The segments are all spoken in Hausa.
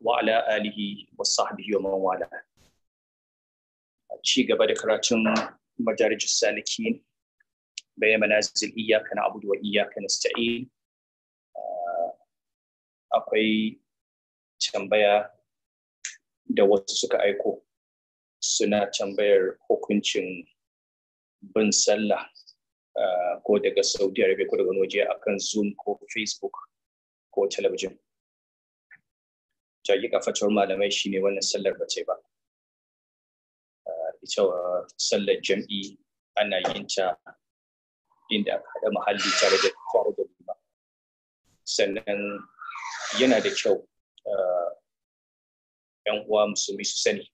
وعلى آله وصحبه ومن A ci gaba da karatun madarij salikin bayan manazil iyyaka na'budu wa ah, akwai tambaya da wasu suka aiko na tambayar hukuncin bin sallah ah, ko daga saudi arabia ko da daga waje akan zoom ko facebook ko talabijin jagi kafatowar malamai shine wannan sallar bace ba ita ah, sallar jam'i ana yin ta inda aka haɗa muhalli tare da tare da lima sannan yana da kyau yan ah, uwa musulmi su sani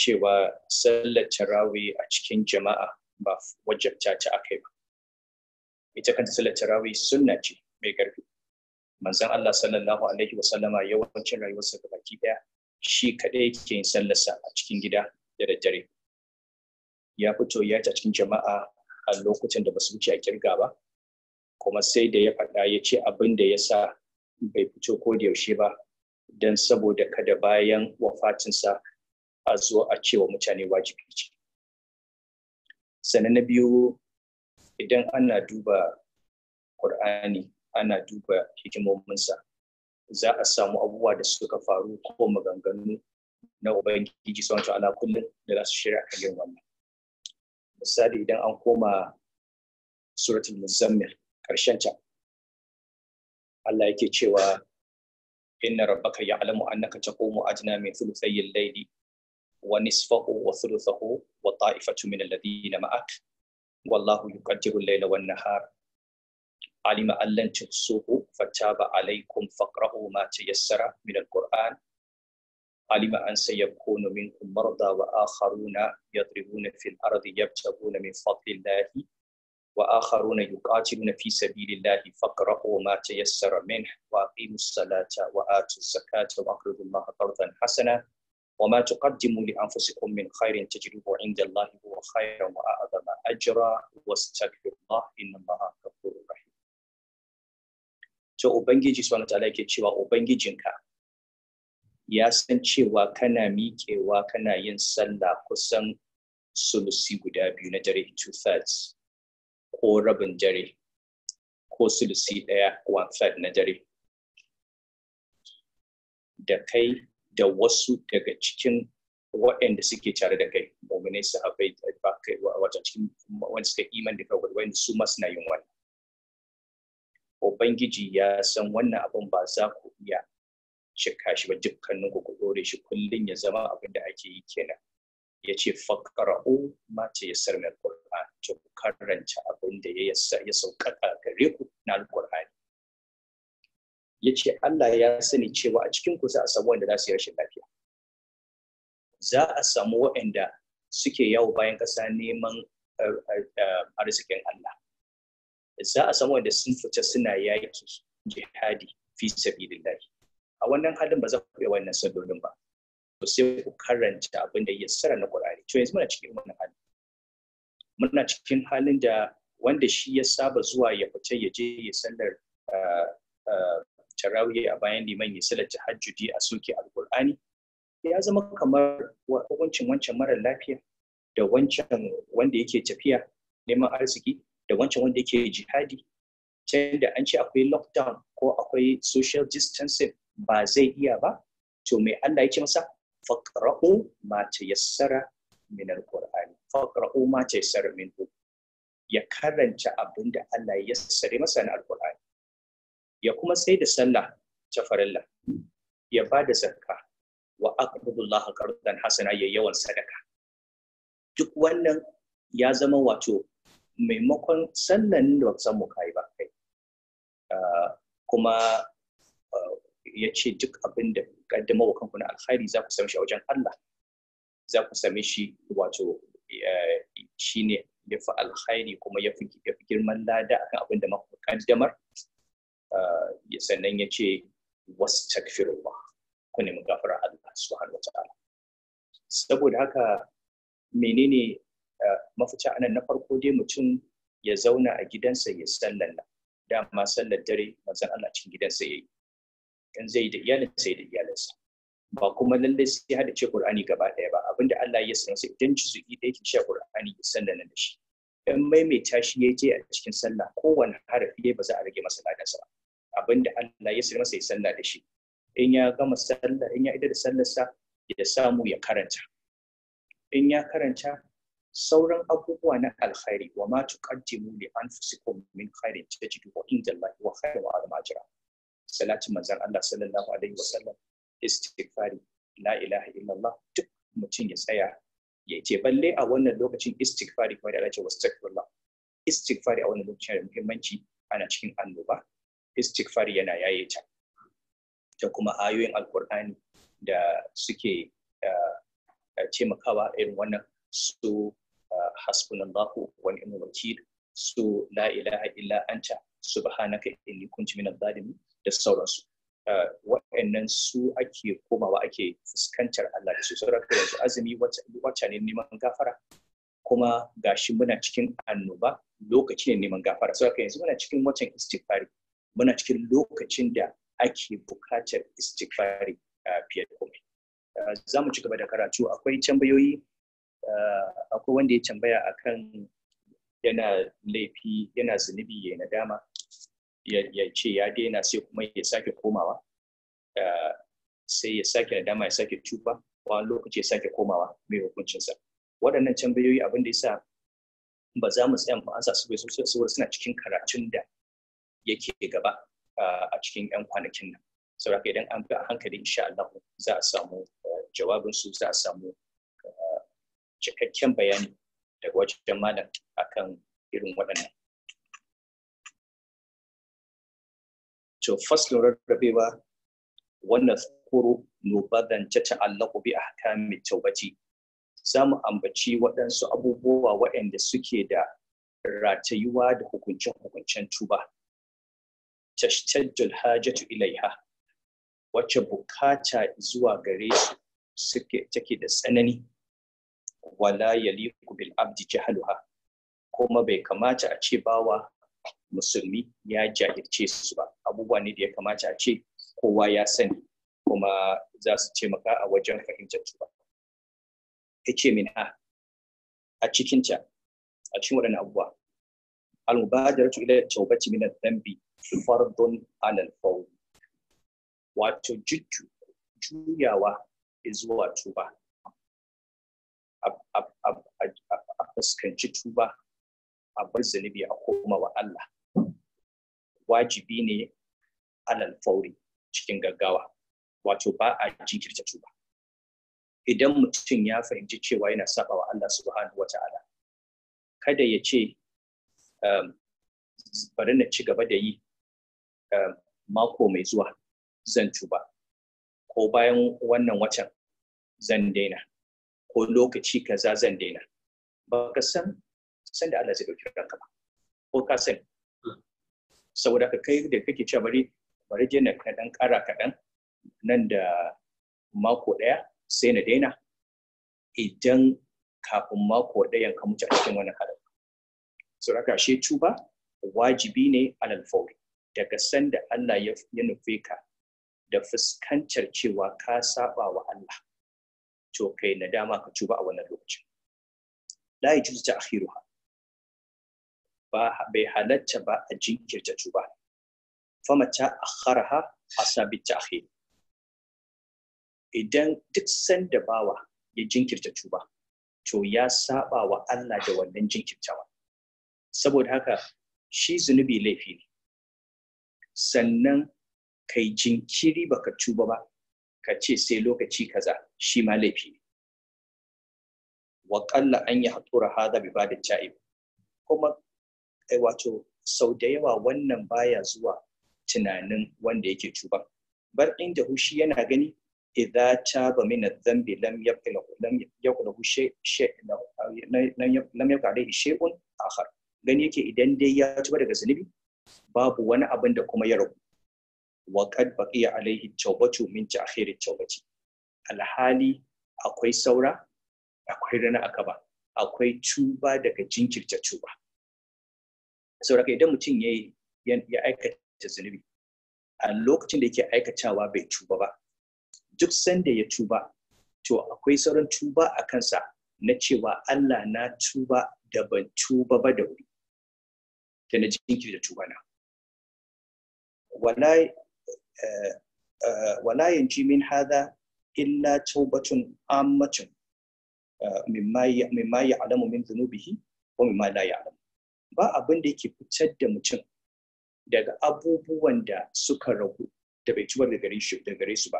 cewa sallar tarawi a cikin jama'a ba wajabta ta akai ba ita kanta sallar tarawi sunna ce mai ƙarfi manzon Allah sallallahu alaihi wasallama yawancin rayuwarsa ga baki daya shi kaɗai yake yin sallarsa a cikin gida da daddare ya fito ya ta cikin jama'a a lokutan da basu wuce a kirga ba kuma sai da ya faɗa ya ce abin da ya sa bai fito ko da yaushe ba don saboda kada bayan wafatinsa a zo a cewa mutane wajibi ce sannan na biyu idan ana duba ƙur'ani ana duba hikimominsa za a samu abubuwa da suka faru ko maganganu na ubangiji sun ta'ala kullum da za su shirya kan yin wannan misali idan an koma suratul muzammil karshen ta Allah yake cewa inna rabbaka ya'lamu annaka taqumu ajna min thuluthay al-layli wa nisfahu wa thuluthahu wa ta'ifatu min alladhina ma'ak wallahu yuqaddiru al-layla wan nahara علم أن لن تحصوه فتاب عليكم فاقرأوا ما تيسر من القرآن علم أن سيكون منكم مرضى وآخرون يضربون في الأرض يبتغون من فضل الله وآخرون يقاتلون في سبيل الله فاقرأوا ما تيسر منه وأقيموا الصلاة وآتوا الزكاة وأقرضوا الله قرضا حسنا وما تقدموا لأنفسكم من خير تجدوه عند الله هو خيرا وأعظم أجرا واستغفر الله إن الله so ubangiji subhanahu wataala yake cewa ubangijinka ya san cewa kana miƙewa kana yin sallah kusan sulusi guda biyu na dare two thirds ko rabin dare ko sulusi ɗaya one third na dare da kai da wasu daga cikin waɗanda suke tare da kai mominai sahabai da ba kai wata cikin wanda suka iman da kawai wanda su ma suna yin wani ubangiji ya san wannan abin ba za ku iya cika shi ba dukkanin ku dore shi kullum ya zama abin da ake yi kenan ya ce faƙara'u ma ce ya sarmi alƙur'an to karanta abin da ya sauƙaƙa gare ku na alƙur'ani ya ce Allah ya sani cewa a cikin ku za a samu wanda za su yi rashin lafiya za a samu waɗanda suke yawo bayan ƙasa neman eh, eh, eh, arzikin Allah za a san wanda sun fita suna yaki jihadi fi sabilillah a wannan halin ba za ku iya wannan sallolin ba to sai ku karanta abin da ya sara na Qur'ani to yanzu muna cikin wannan halin muna cikin halin da wanda shi ya saba zuwa ya fita ya je ya sallar ah, ah, tarawih a bayan liman ya sallar tahajjudi a soke alqur'ani ya zama kamar wancan wancan mara lafiya da wancan wanda yake tafiya neman arziki da wancan wanda yake jihadi can da an ce akwai lockdown ko akwai social distancing ba zai iya ba to mai Allah ya ce masa faqra'u ma tayassara min alqur'ani faqra'u ma tayassara minhu ya karanta abin da Allah ya sare masa na alqur'ani ya kuma sai da sallah ta farilla ya ba da zakka wa aqradullaha qardan hasana ya yawan sadaka duk wannan ya zama wato maimakon sallan da baka san mu kai ba kai ah, kuma ah, ya ce duk abin da kaddama wa kanku alkhairi za ku same shi a wajen Allah za ku same shi wato eh, shi ne ya fi alkhairi kuma ya fi girman lada akan abin da muka kaddamar ah, sannan ya ce wasu ba, ku nemi gafarar Allah subhanahu wata ta'ala saboda haka menene mafita anan na farko dai mutum ya zauna a gidansa ya sallan dama sallar dare Allah cikin gidansa yayi in zai da iyalin sai da iyalinsa ba kuma lallai sai hada ce Qur'ani gaba ɗaya ba abinda Allah ya sanar sai idan juzu'i da yake sha Qur'ani ya sallan da shi in maimaita shi je a cikin sallah kowane harafi ba za a rage masa ladansa ba abinda Allah ya sanar masa ya sallah da shi in ya gama sallah in ya idar da sallarsa ya samu ya karanta in ya karanta sauran abubuwa na alkhairi wa ma tuqaddimu li anfusikum min khairin tajiduhu inda Allah wa khairu wa ajra salati manzan Allah sallallahu alaihi wasallam istighfari la ilaha illallah duk mutum ya tsaya ya ce balle a wannan lokacin istighfari kuma da Allah ce wastaghfirullah istighfari a wannan lokacin muhimmanci ana cikin annoba istighfari yana yaye ta da kuma ayoyin alkur'ani da suke eh, eh, taimakawa irin wannan su hasbunallahu wa ni'mal wakil su la ilaha illa anta subhanaka inni kuntu minadh zalimin da sauransu ah, waɗannan su ake komawa ake fuskantar Allah da su sauraka yanzu azumi wacce ne neman gafara kuma gashi muna cikin annoba lokaci ne neman gafara sauraka yanzu muna cikin watan istighfari muna cikin lokacin da ake bukatar istighfari ah, fiye da komai ah, za mu ci gaba da karatu akwai tambayoyi Eh, akwai wanda ya tambaya akan yana laifi yana zunubi ya nadama ya ce ya daina sai kuma ya sake komawa eh, sai ya sake nadama ya sake tuba wani lokaci ya sake komawa mai hukuncinsa waɗannan tambayoyi abin da yasa ba za mu tsaya mu ansa su bai saboda suna cikin karatun da yake gaba eh, a cikin 'yan kwanakin nan saboda idan an bi a hankali insha Allah za a samu jawabinsu za a samu cikakken bayani daga wajen malam akan irin waɗannan to faslin rabewa wannan tsoro nubadan ta ta'allaku bi ahkami tawbati za mu ambaci waɗansu abubuwa waɗanda suke da ratayuwa da hukunce-hukuncen tuba tashtajjul hajatu ilaiha wacce bukata zuwa gare su take da tsanani wala yaliku bil abdi jahaluha kuma bai kamata a ce bawa musulmi ya jahilce su ba abubuwa ne da ya kamata a ce kowa ya sani kuma za su taimaka a wajen fahimtar su ba ce min ha ah, a cikinta a cikin waɗannan abubuwa al-mubadaratu ila tawbati min adh-dhanbi fardun 'ala al wato jujju juyawa izuwa tuba a fuskanci tuba a bar zunubi a koma wa Allah wajibi ne alal fauri cikin gaggawa wato ba a jinkirta tuba idan mutum ya fahimci cewa yana saba wa Allah subhanahu wa ta'ala kada ya ce um, bari na ci gaba da yi um, mako mai zuwa zan tuba ko bayan wannan watan zan daina ko lokaci kaza zan daina ba ka san san da Allah zai dauki ranka ba ko ka san saboda ka kai da kake cewa bari bari je na kara kaɗan nan da mako ɗaya sai na daina idan kafin mako ɗayan ka mutu a cikin wani halin saboda ka shi tuba wajibi ne alal fauri daga sanda Allah ya nufe ka da fuskantar cewa ka saba wa Allah cewa kai nadama ka tuba a wannan lokacin la yajuzu ta'khiruha ba bai halatta ba a jinkirta ba. fama ta akharaha asabi ta'khir idan duk sanda bawa ya jinkirta ba, to ya saba wa Allah da wannan jinkirtawa saboda haka shi zunubi laifi ne sannan kai jinkiri baka tuba ba ka ce sai lokaci kaza shi ma laifi ne wa kalla an haƙura hadha bi bada ca'ib kuma eh, wato sau da yawa wannan baya zuwa tunanin wanda yake tuba. bar da hushi yana gani idza taba min adh-dhanbi lam yaqla lam yaqla lam yaqla alayhi shay'un akhar gani yake idan dai ya tuba daga zunubi babu wani abin da kuma ya rubu waƙad baƙiya alaihi tawbatu min ta'khiri tawbati alhali akwai saura akwai rana ba, akwai tuba daga jinkirta tuba sauraka idan mutum ya aikata zunubi a lokacin da yake aikatawa bai tuba ba duk sanda ya tuba to akwai sauran tuba a kansa na cewa Allah na tuba da ban tuba ba da wuri da na jinkirta tuba na wala ولا ينجي من هذا إلا توبة عامة مما مما يعلم من ذنوبه ومما لا يعلم ba abin da yake fitar da mutum daga abubuwan da suka ragu da bai tubar da gare su ba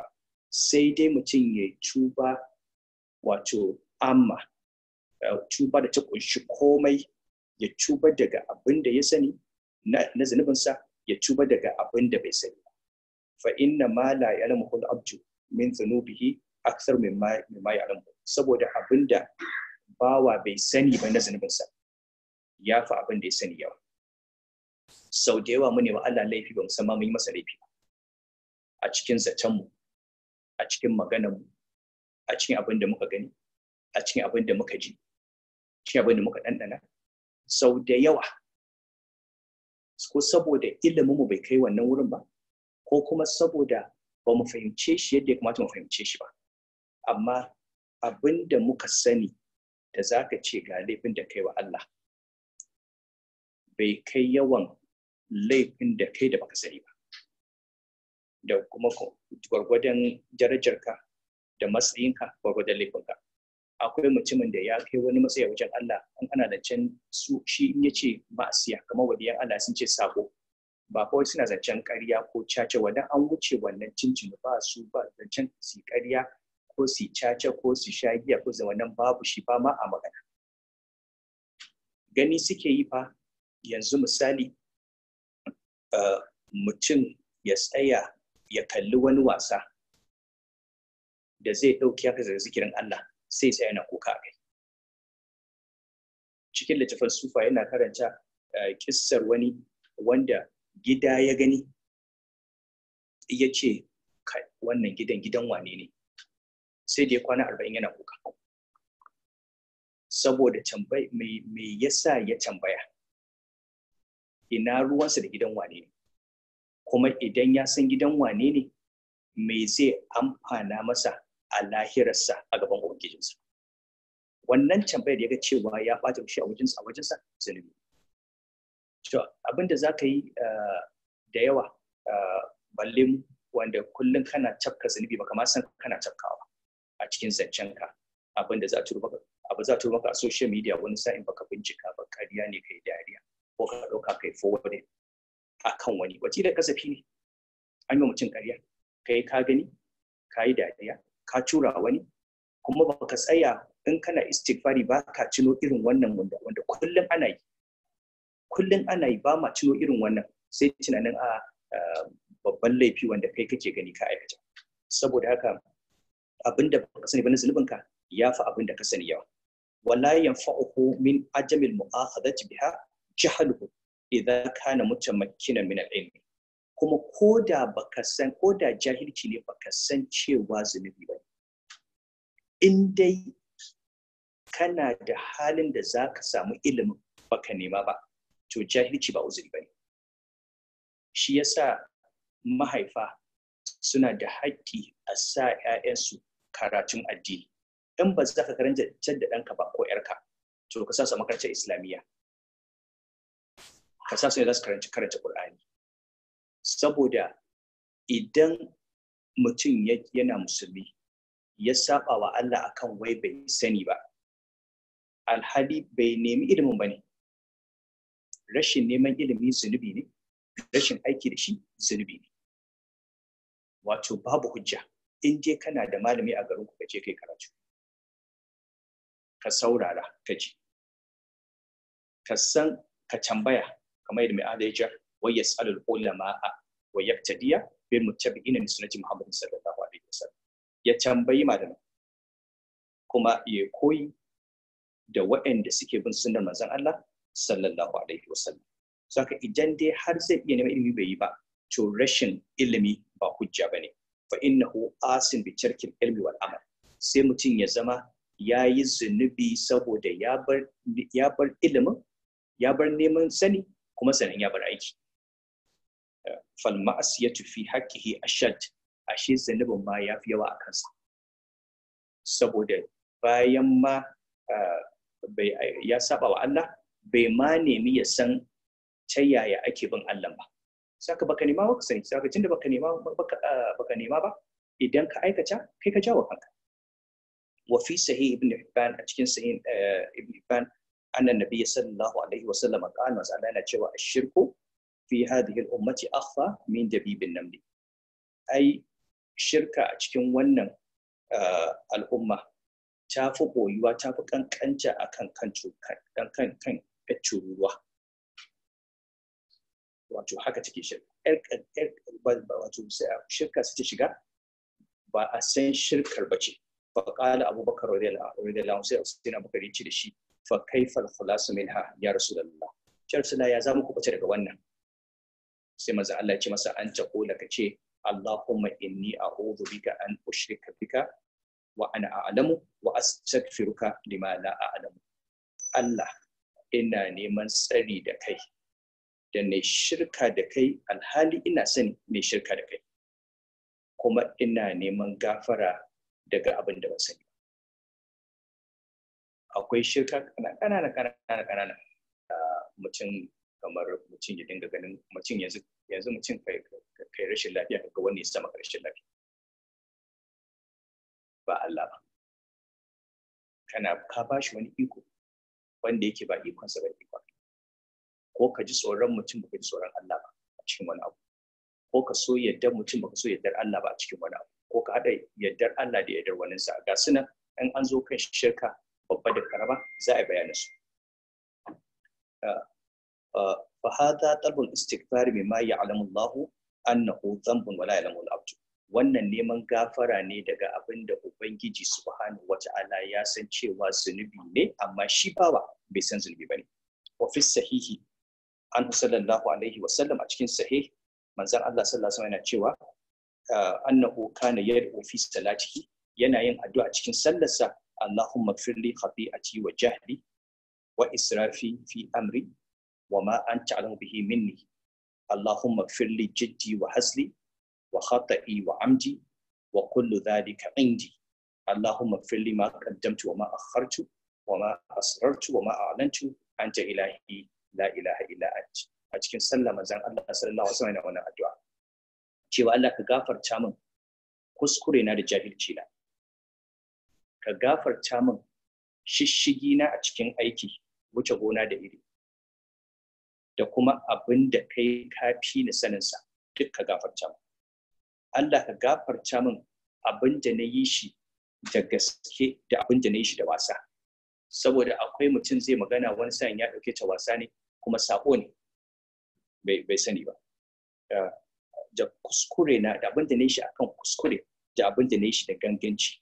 sai dai mutum ya tuba wato amma eh, tuba da ta kunshi komai ya tuba daga abin da ya sani na zunubinsa ya tuba daga abin da bai sani fa ma la ya'lamuhu al-abdu min dhunubihi aksar mimma mimma alamu. saboda abinda bawa bai sani ba na zunubinsa ya fi abin da ya sani yawa sau da yawa mune wa Allah laifi ba musamma mun yi masa laifi ba a cikin zacenmu a cikin maganarmu a cikin abin da muka gani a cikin abin da muka ji cikin abin da muka ɗanɗana sau da yawa ko saboda mu bai kai wannan wurin ba ko kuma saboda ba mu fahimce shi yadda ya kamata mu fahimce shi ba amma abin da muka sani da za ka ce ga laifin da kai wa Allah bai kai yawan laifin da kai da baka sani ba da kuma gwargwadon darajarka da matsayinka gwargwadon laifinka akwai mutumin da ya kai wani matsayi wajen Allah an ana da can su shi in yace ce ma'asiya kamar wadiyan Allah sun ce sako ba kawai suna zancen ƙarya ko caca wadan an wuce wannan cincin ba su ba zancen su ƙarya ko su caca ko su sha giya ko zama nan babu shi ba ma a magana gani suke yi fa yanzu misali eh, mutum ya tsaya ya kalli wani wasa da zai ɗauki haka daga zikirin Allah sai tsaya na kuka a kai cikin littafin sufa yana karanta eh, kissar wani wanda gida ya gani ya ce wannan gidan gidan wane ne sai da ya kwana arba'in yana kuka saboda mai me yasa ya tambaya ina ruwansa da gidan wane ne kuma idan ya san gidan wane ne me zai amfana masa a lahirarsa a gaban ubangijinsa wannan tambayar ya ga cewa ya ɓata shi a wajensa a wajensa zunubi cewa abinda za ka yi eh, da yawa eh, balle wanda kullum kana cafka zunubi ba kamar san kana cafkawa a cikin zancenka abinda za a maka abu za a maka a social media wani sa'in baka bincika ba kariya ne kai dariya ko ka ɗauka kai forwarding a kan wani wace da kasafi ne an yi mutum kariya kai ka gani ka yi dariya ka cura wani kuma baka tsaya in kana istighfari ba ka cino irin wannan wanda wanda kullum ana yi kullum ana yi ba ma tuno irin wannan sai tunanin a ah, ah, babban laifi wanda kai kake gani ka aikata saboda haka abin da ka sani ba na ka ya fi abin da ka sani yawa wala yanfa'uhu min ajamil mu'akhadati biha jahluhu idza kana mutamakkina min al-ilm kuma ko da baka san ko da jahilci ne baka san cewa zunubi ba in dai kana da halin da za ka samu ilimin baka nema ba to jahilci ba uzuri bane shi yasa mahaifa suna da haƙƙi a sa 'ya'yansu karatun addini in ba za ka karanta da ɗanka ba ko 'yarka to ka sa su makarantar islamiyya ka sa su ne za su karanta karanta ƙur'ani saboda idan mutum yana musulmi ya saba wa Allah akan wai bai sani ba alhali bai nemi ilimin ba ne rashin neman ilimi zunubi ne rashin aiki da shi zunubi ne wato babu hujja in je kana da malami a garin ku je kai karatu ka saurara ka ji ka san ka tambaya kamar yadda mai adajar wa yas'alul ulama wa yaktadiya bil muttabi'ina min sunnati Muhammad sallallahu alaihi wasallam ya tambayi malamin kuma ya koyi da waɗanda suke bin sunnar manzon Allah sallallahu alaihi wasallam saka idan dai har zai iya neman ilimi bai yi ba to rashin ilimi ba hujja bane fa innahu asin bi tarkil ilmi wal amal sai mutum ya zama ya yi zunubi saboda ya bar ilimin ya bar neman sani kuma sanin ya bar aiki fal ma'asiyatu fi haqqihi ashad ashe zunubin ma ya fi yawa a kansa saboda bayan ma ah, ya saba wa Allah bai ma nemi ya san ta yaya ake bin Allah ba saka baka nema ba ka sani saka tunda baka nema baka ah, nema ba idan ka aikata kai ka jawo kanka wa fi sahih ibn hibban a cikin sahih eh, ibn hibban anna nabiy sallallahu alaihi wa sallam qala wa sallana cewa ashirku fi hadhihi al-ummati akhfa min dabibin namli ai shirka a cikin wannan ah, al'umma ta fi koyuwa ta fi kankanta a kan kan kan yar cururuwa wato haka take ah, shirka wato shirka su ta shiga ba a san shirkar ba ce faƙala abubakar radiyallahu sai usaina abubakar ya ce da shi fa kaifal khulasu minha ya rasulullah shartuna ya zamu kubace daga wannan sai manzo Allah ya ce masa an taqula ka ce Allahumma inni a'udhu bika an ushrika bika wa ana a'lamu wa astaghfiruka lima la a'lamu Allah ina neman tsari da kai da na shirka da kai alhali ina sani mai shirka da kai kuma ina neman gafara daga abin da ban sani akwai shirka kanana kanana kanana ah, mutum kamar mutum ya dinga ganin mutum yanzu yanzu mutum kai rashin lafiya kaga wani ya sama rashin lafiya ba Allah ba kana ka bashi wani iko wanda yake ba ikonsa ba ikon ko ka ji tsoron mutum ba ka ji tsoron Allah ba a cikin wani abu ko ka so yadda mutum ba ka so yadda Allah ba a cikin wani abu ko ka haɗa yardar Allah da yardar wani sa ga suna in an zo kan shirka babba da karama za a bayyana su ah, ah, fa hada talbul istighfar mimma ya'lamu Allah annahu dhanbun wala la ya'lamu al abdu wannan neman gafara ne daga abin da ubangiji subhanahu wata'ala ya san cewa zunubi ne amma shi bawa bai san zunubi bane wa fi sahihi an sallallahu alaihi wa sallam a cikin sahih manzon Allah sallallahu alaihi yana cewa ah, annahu kana yad'u fi salatihi yana yin addu'a cikin sallarsa Allahumma firli khati'ati wa jahli wa israfi fi amri wa ma anta bihi minni Allahumma firli jiddi wa hasli wa khata'i wa amji wa kullu dhalika indi Allahumma ighfir li ma qaddamtu wa ma akhartu wa ma asrartu wa ma a'lantu anta ilahi la ilaha illa anta a cikin sallah manzon Allah sallallahu alaihi wasallam wannan addu'a cewa Allah ka gafarta min kuskure na da jahilci na ka gafarta min shishigi na a cikin aiki wuce gona da iri da kuma abin da kai kafi ni saninsa duk ka gafarta min Allah ka gafarta min abin da na yi shi da gaske da abin da na yi shi da wasa saboda akwai mutum zai magana wani sa'in ya ɗauke ta wasa ne kuma sako ne bai sani ba da kuskure na da abin da na yi shi akan kuskure da abin da na yi shi da ganganci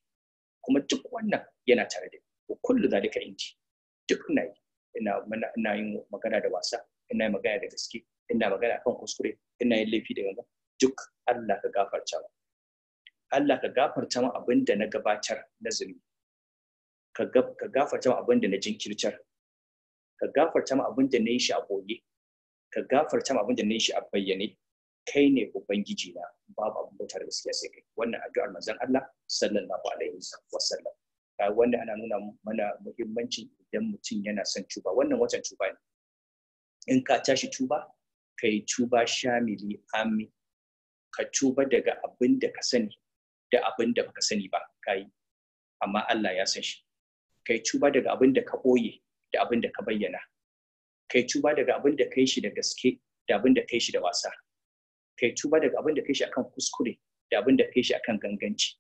kuma duk wannan yana tare da ku kullu duka inji duk na yi ina yin magana da wasa ina magana da gaske ina magana akan kuskure ina yin laifi da gangan duk Allah ka gafarta mu Allah ka gafarta mu abin da na gabatar na zunubi ka gafarta mu abin da na jinkircar ka gafarta mu abin da na yi shi a boye ka gafarta mu abin da na yi shi a bayyane kai ne ubangiji na babu abin bauta da gaskiya sai kai wannan addu'ar manzon Allah sallallahu alaihi wasallam wanda ana nuna mana muhimmancin idan mutum yana son tuba wannan watan tuba ne in ka tashi tuba kai tuba shamili Amin. ka tuba daga abin da ka sani da abin da baka sani ba kai amma Allah ya san shi kai tuba daga abin da ka boye da abin da ka bayyana kai tuba daga abin da kai shi da gaske da abin da kai shi da wasa kai tuba daga abin da kai shi akan kuskure da abin da kai shi akan ganganci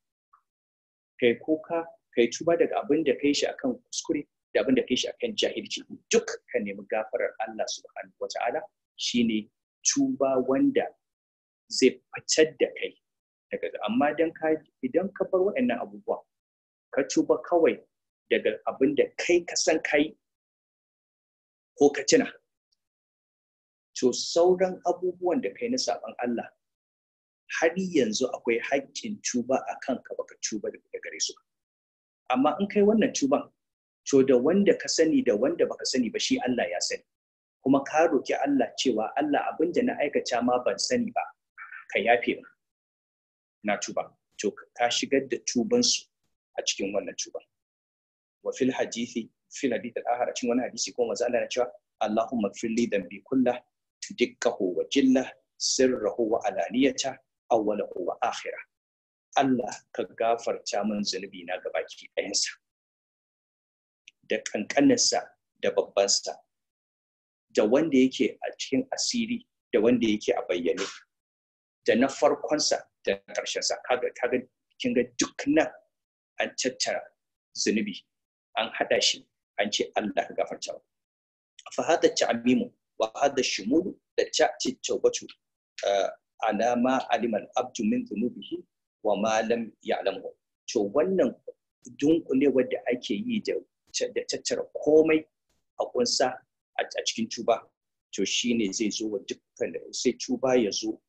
kai kuka kai tuba daga abin da kai shi akan kuskure da abin da kai shi akan jahilci duk ka nemi gafarar Allah subhanahu wataala shine tuba wanda zai fitar da kai daga amma dan ka idan ka bar waɗannan abubuwa ka tuba kawai daga abin da kai ka san kai ko ka tuna to sauran abubuwan da kai na saban Allah har yanzu akwai haƙƙin tuba a kanka baka tuba daga gare su amma in kai wannan tuban to da wanda ka sani da wanda baka sani ba shi Allah ya sani kuma ka roki Allah cewa Allah abin da na aikata ma ban sani ba ka yafe ba na tuba to ka shigar da tubansu a cikin wannan tuba wa fil hadithi fil hadith al a wani hadisi ko manzo Allah na cewa Allahumma li dambi kullah tudikkahu wa jillah sirrahu wa alaniyata awwalahu wa akhira Allah ka gafarta min zunubi na gaba ki ɗayansa da kankaninsa da babbansa da wanda yake a cikin asiri da wanda yake a bayyane da na farkonsa da na ƙarshensa kaga kaga kin ga duk nan an tattara zunubi an hada shi an ce Allah ka gafarta fa hada ta'mimu wa hada shumulu da ta ce tawbatu eh, alama alimal abdu min dhunubihi wa ma lam ya'lamu to wannan dunkule wanda ake yi da tattara komai a kunsa a cikin tuba to shine zai zo wa dukkan sai tuba ya zo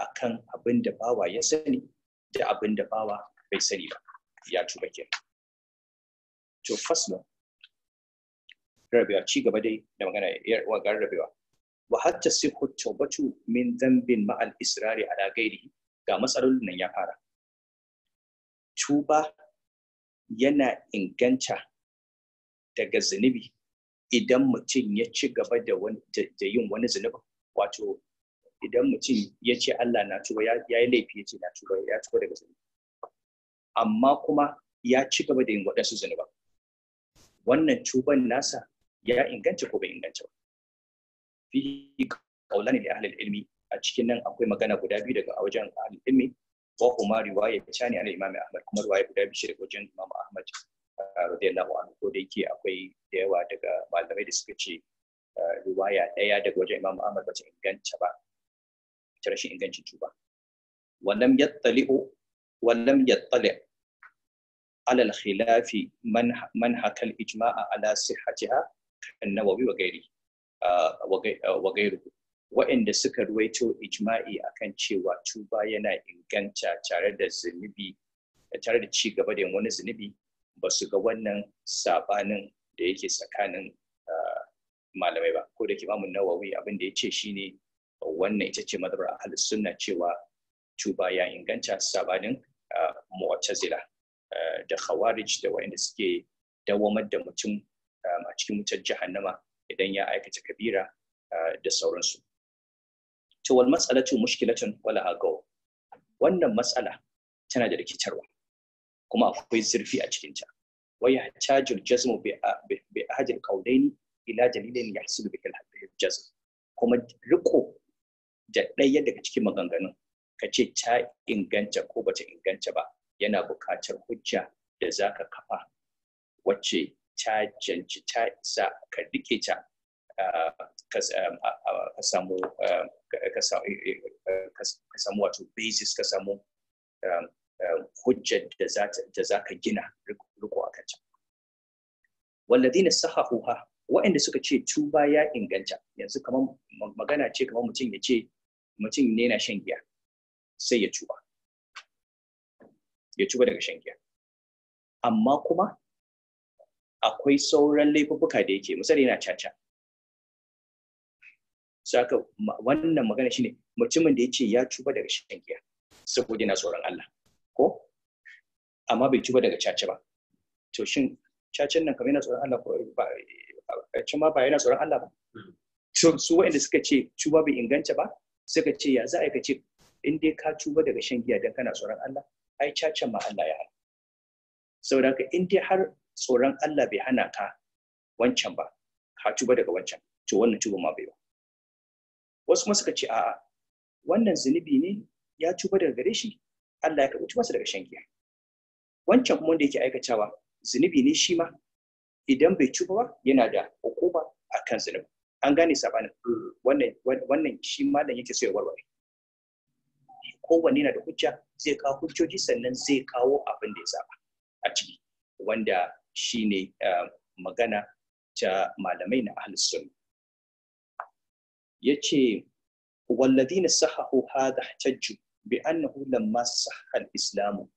akan abin da bawa ya sani da abin da bawa bai sani ba ya tuba ke to faslo rabewa ci gaba dai da magana wa gar rabewa wa hatta sihu tawbatu min dhanbin ma'al israri ala ghairihi ga matsalolin nan ya fara tuba yana inganta daga zunubi idan mutum ya ci gaba da yin wani zunubi wato idan mutum ya ce Allah na tuba ya yi laifi ya ce na tuba ya tuba daga zunubi amma kuma ya ci gaba da yin waɗansu zunuba wannan tuban nasa ya inganta ko bai inganta ba fi kaulani da ahlul ilmi a cikin nan akwai magana guda biyu daga wajen ahlul ilmi ko kuma riwaya ta ne alal imam ahmad kuma riwaya guda biyu daga wajen imam ahmad ah, radiyallahu anhu ko da yake akwai da yawa daga malamai da suka ce ah, riwaya ɗaya daga wajen imam ahmad ta inganta ba ta rashin ingancin tuba walam yattali'u walam yattali' ala al-khilafi man man hakal ijma'a ala sihhatiha an-nawawi wa ghairi wa waɗanda suka ruwaito ijma'i akan cewa tuba yana inganta tare da zunubi tare da ci gaba da wani zunubi ba su ga wannan sabanin da yake tsakanin malamai ba ko da kimamin nawawi abin da ya ce shine wannan ita ce madabar ahlus sunna cewa tuba ya inganta sabanin ah, mu'tazila ah, da khawarij da wayanda suke dawamar da mutum ah, a cikin wutar jahannama idan ya aikata kabira da sauransu to wal mas'alatu mushkilatun wala agaw wannan matsala tana da rikitarwa kuma akwai zurfi a cikinta waya tajul jazmu bi ahadil qawlaini ila dalilin yahsul bihi al jazm kuma riko da ɗaya daga cikin maganganun ka ce ta inganta ko bata inganta ba yana buƙatar hujja da za ka kafa wacce ta janci ta isa ka rike ta ka samu wato basis ka samu ah, ah, hujjar da za ka gina riko a kanta. saha sahahuha waɗanda suka ce tuba ya inganta yanzu kamar magana ce kamar mutum ya ce mutum ne na shan giya sai ya cuba ya cuba daga shan giya amma kuma akwai sauran laifuffuka da yake misali yana caca saka wannan magana shine mutumin da yace ya cuba daga shan giya saboda yana tsoron Allah ko amma bai cuba daga caca ba to shin cacin nan kamar yana tsoron Allah ko ba cin ba yana tsoron Allah ba hmm. su waɗanda suka ce cuba bai inganta ba suka ce ya za a ce in dai ka tuba daga shan giya dan kana tsoron Allah ai caca ma Allah ya hana saboda ka in dai har tsoron Allah bai hana ka wancan ba ka tuba daga wancan to wannan tuba ma bai ba wasu kuma suka ce a'a wannan zunubi ne ya tuba daga gare shi Allah ya karɓi tubarsa daga shan giya wancan kuma wanda yake aikatawa zunubi ne shi ma idan bai tuba ba yana da hukuma akan zunubi an gane sabanin mm. wannan shi malam yake so ya warware kowanne na da hujja zai kawo hujjoji sannan zai kawo abin da ya saba a ciki wanda shi ne eh, magana ta malamai na ahlus sunna yace والذين صححوا هذا bi بأنه لما صح islamu.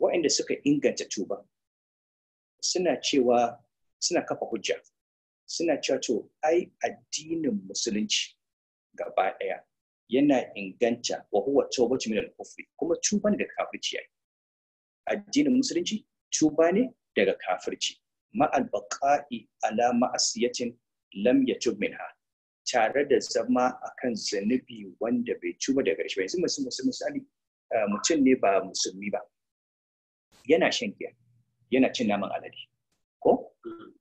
waɗanda suka inganta tuba suna cewa suna kafa hujja suna cewa to ai addinin musulunci gaba ɗaya yana inganta wa huwa tawbatu min al-kufri kuma tuba ne daga kafirci ai addinin musulunci tuba ne daga kafirci ma al-baqa'i ala ma'asiyatin lam yatub minha tare da zama akan zanubi wanda bai tuba daga shi ba yanzu musulmi misali eh, mutum ne ba musulmi ba yana shan giya yana cin naman alade ko hmm.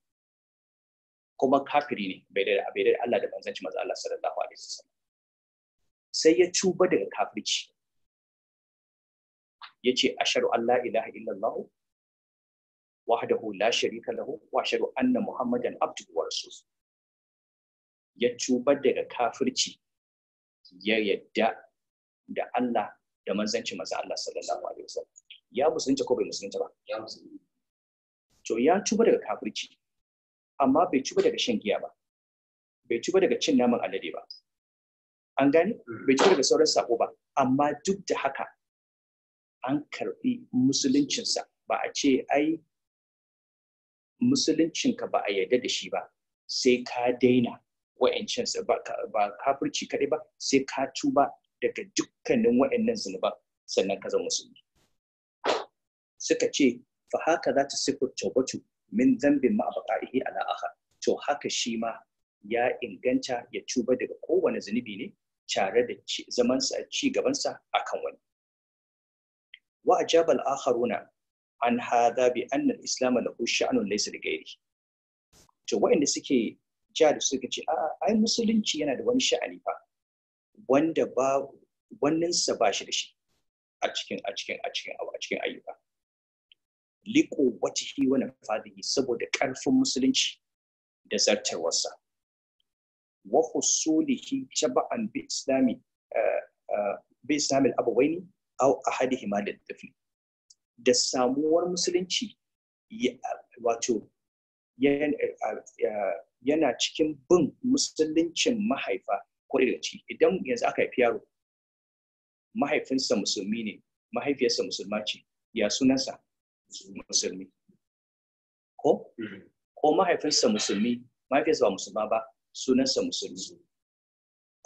kuma kafiri ne bai da bai da Allah da manzanci manzo Allah sallallahu alaihi wasallam sai ya tuba daga kafirci yace asharu Allah la ilaha illallah wahdahu la sharika lahu wa asharu anna muhammadan abduhu wa rasuluhu ya tuba daga kafirci ya yadda da Allah da manzanci manzo Allah sallallahu alaihi wasallam ya musulunci ko bai musulunci ba ya musulunci to ya tuba daga kafirci amma bai ci ba daga shan giya ba bai ci ba daga cin naman alade ba an gani, mm. bai ci daga sauran sako ba amma duk da haka an karbi musuluncinsa ba a ce ai musuluncinka ba a yarda da shi ba sai ka daina wa'ancan ba kafirci kaɗai ba sai ka tuba daga dukkanin wa'annan zunuban sannan ka zama musulmi suka ce fa haka za ta sifar taubatu min zambin ma baqaihi ala akhar to haka shi ma ya inganta ya tuba daga kowane zunubi ne tare da zaman ci gabansa sa akan wani wa ajabal akharuna an hadha bi anna al-islam lahu sha'nun laysa li ghairi to wa'anda suke ja da suka ce a ai musulunci yana da wani sha'ani fa wanda ba wannan sa ba shi da shi a cikin a cikin a cikin a cikin ayyuka Liko liƙo wajhi wani fadihi saboda ƙarfin musulunci da zartarwarsa wa husulihi ba'an bi islami eh, eh, bi islami al-abawaini aw ahadihima da tafi da samuwar musulunci wato eh, yana cikin bin musuluncin mahaifa ko da ciki idan yanzu aka haifi yaro mahaifinsa musulmi ne mahaifiyarsa musulma ce ya sunansa musulmi ko mm-hmm. ko mahaifinsa musulmi mahaifinsa ba musulma ba sunansa musulmi mm-hmm.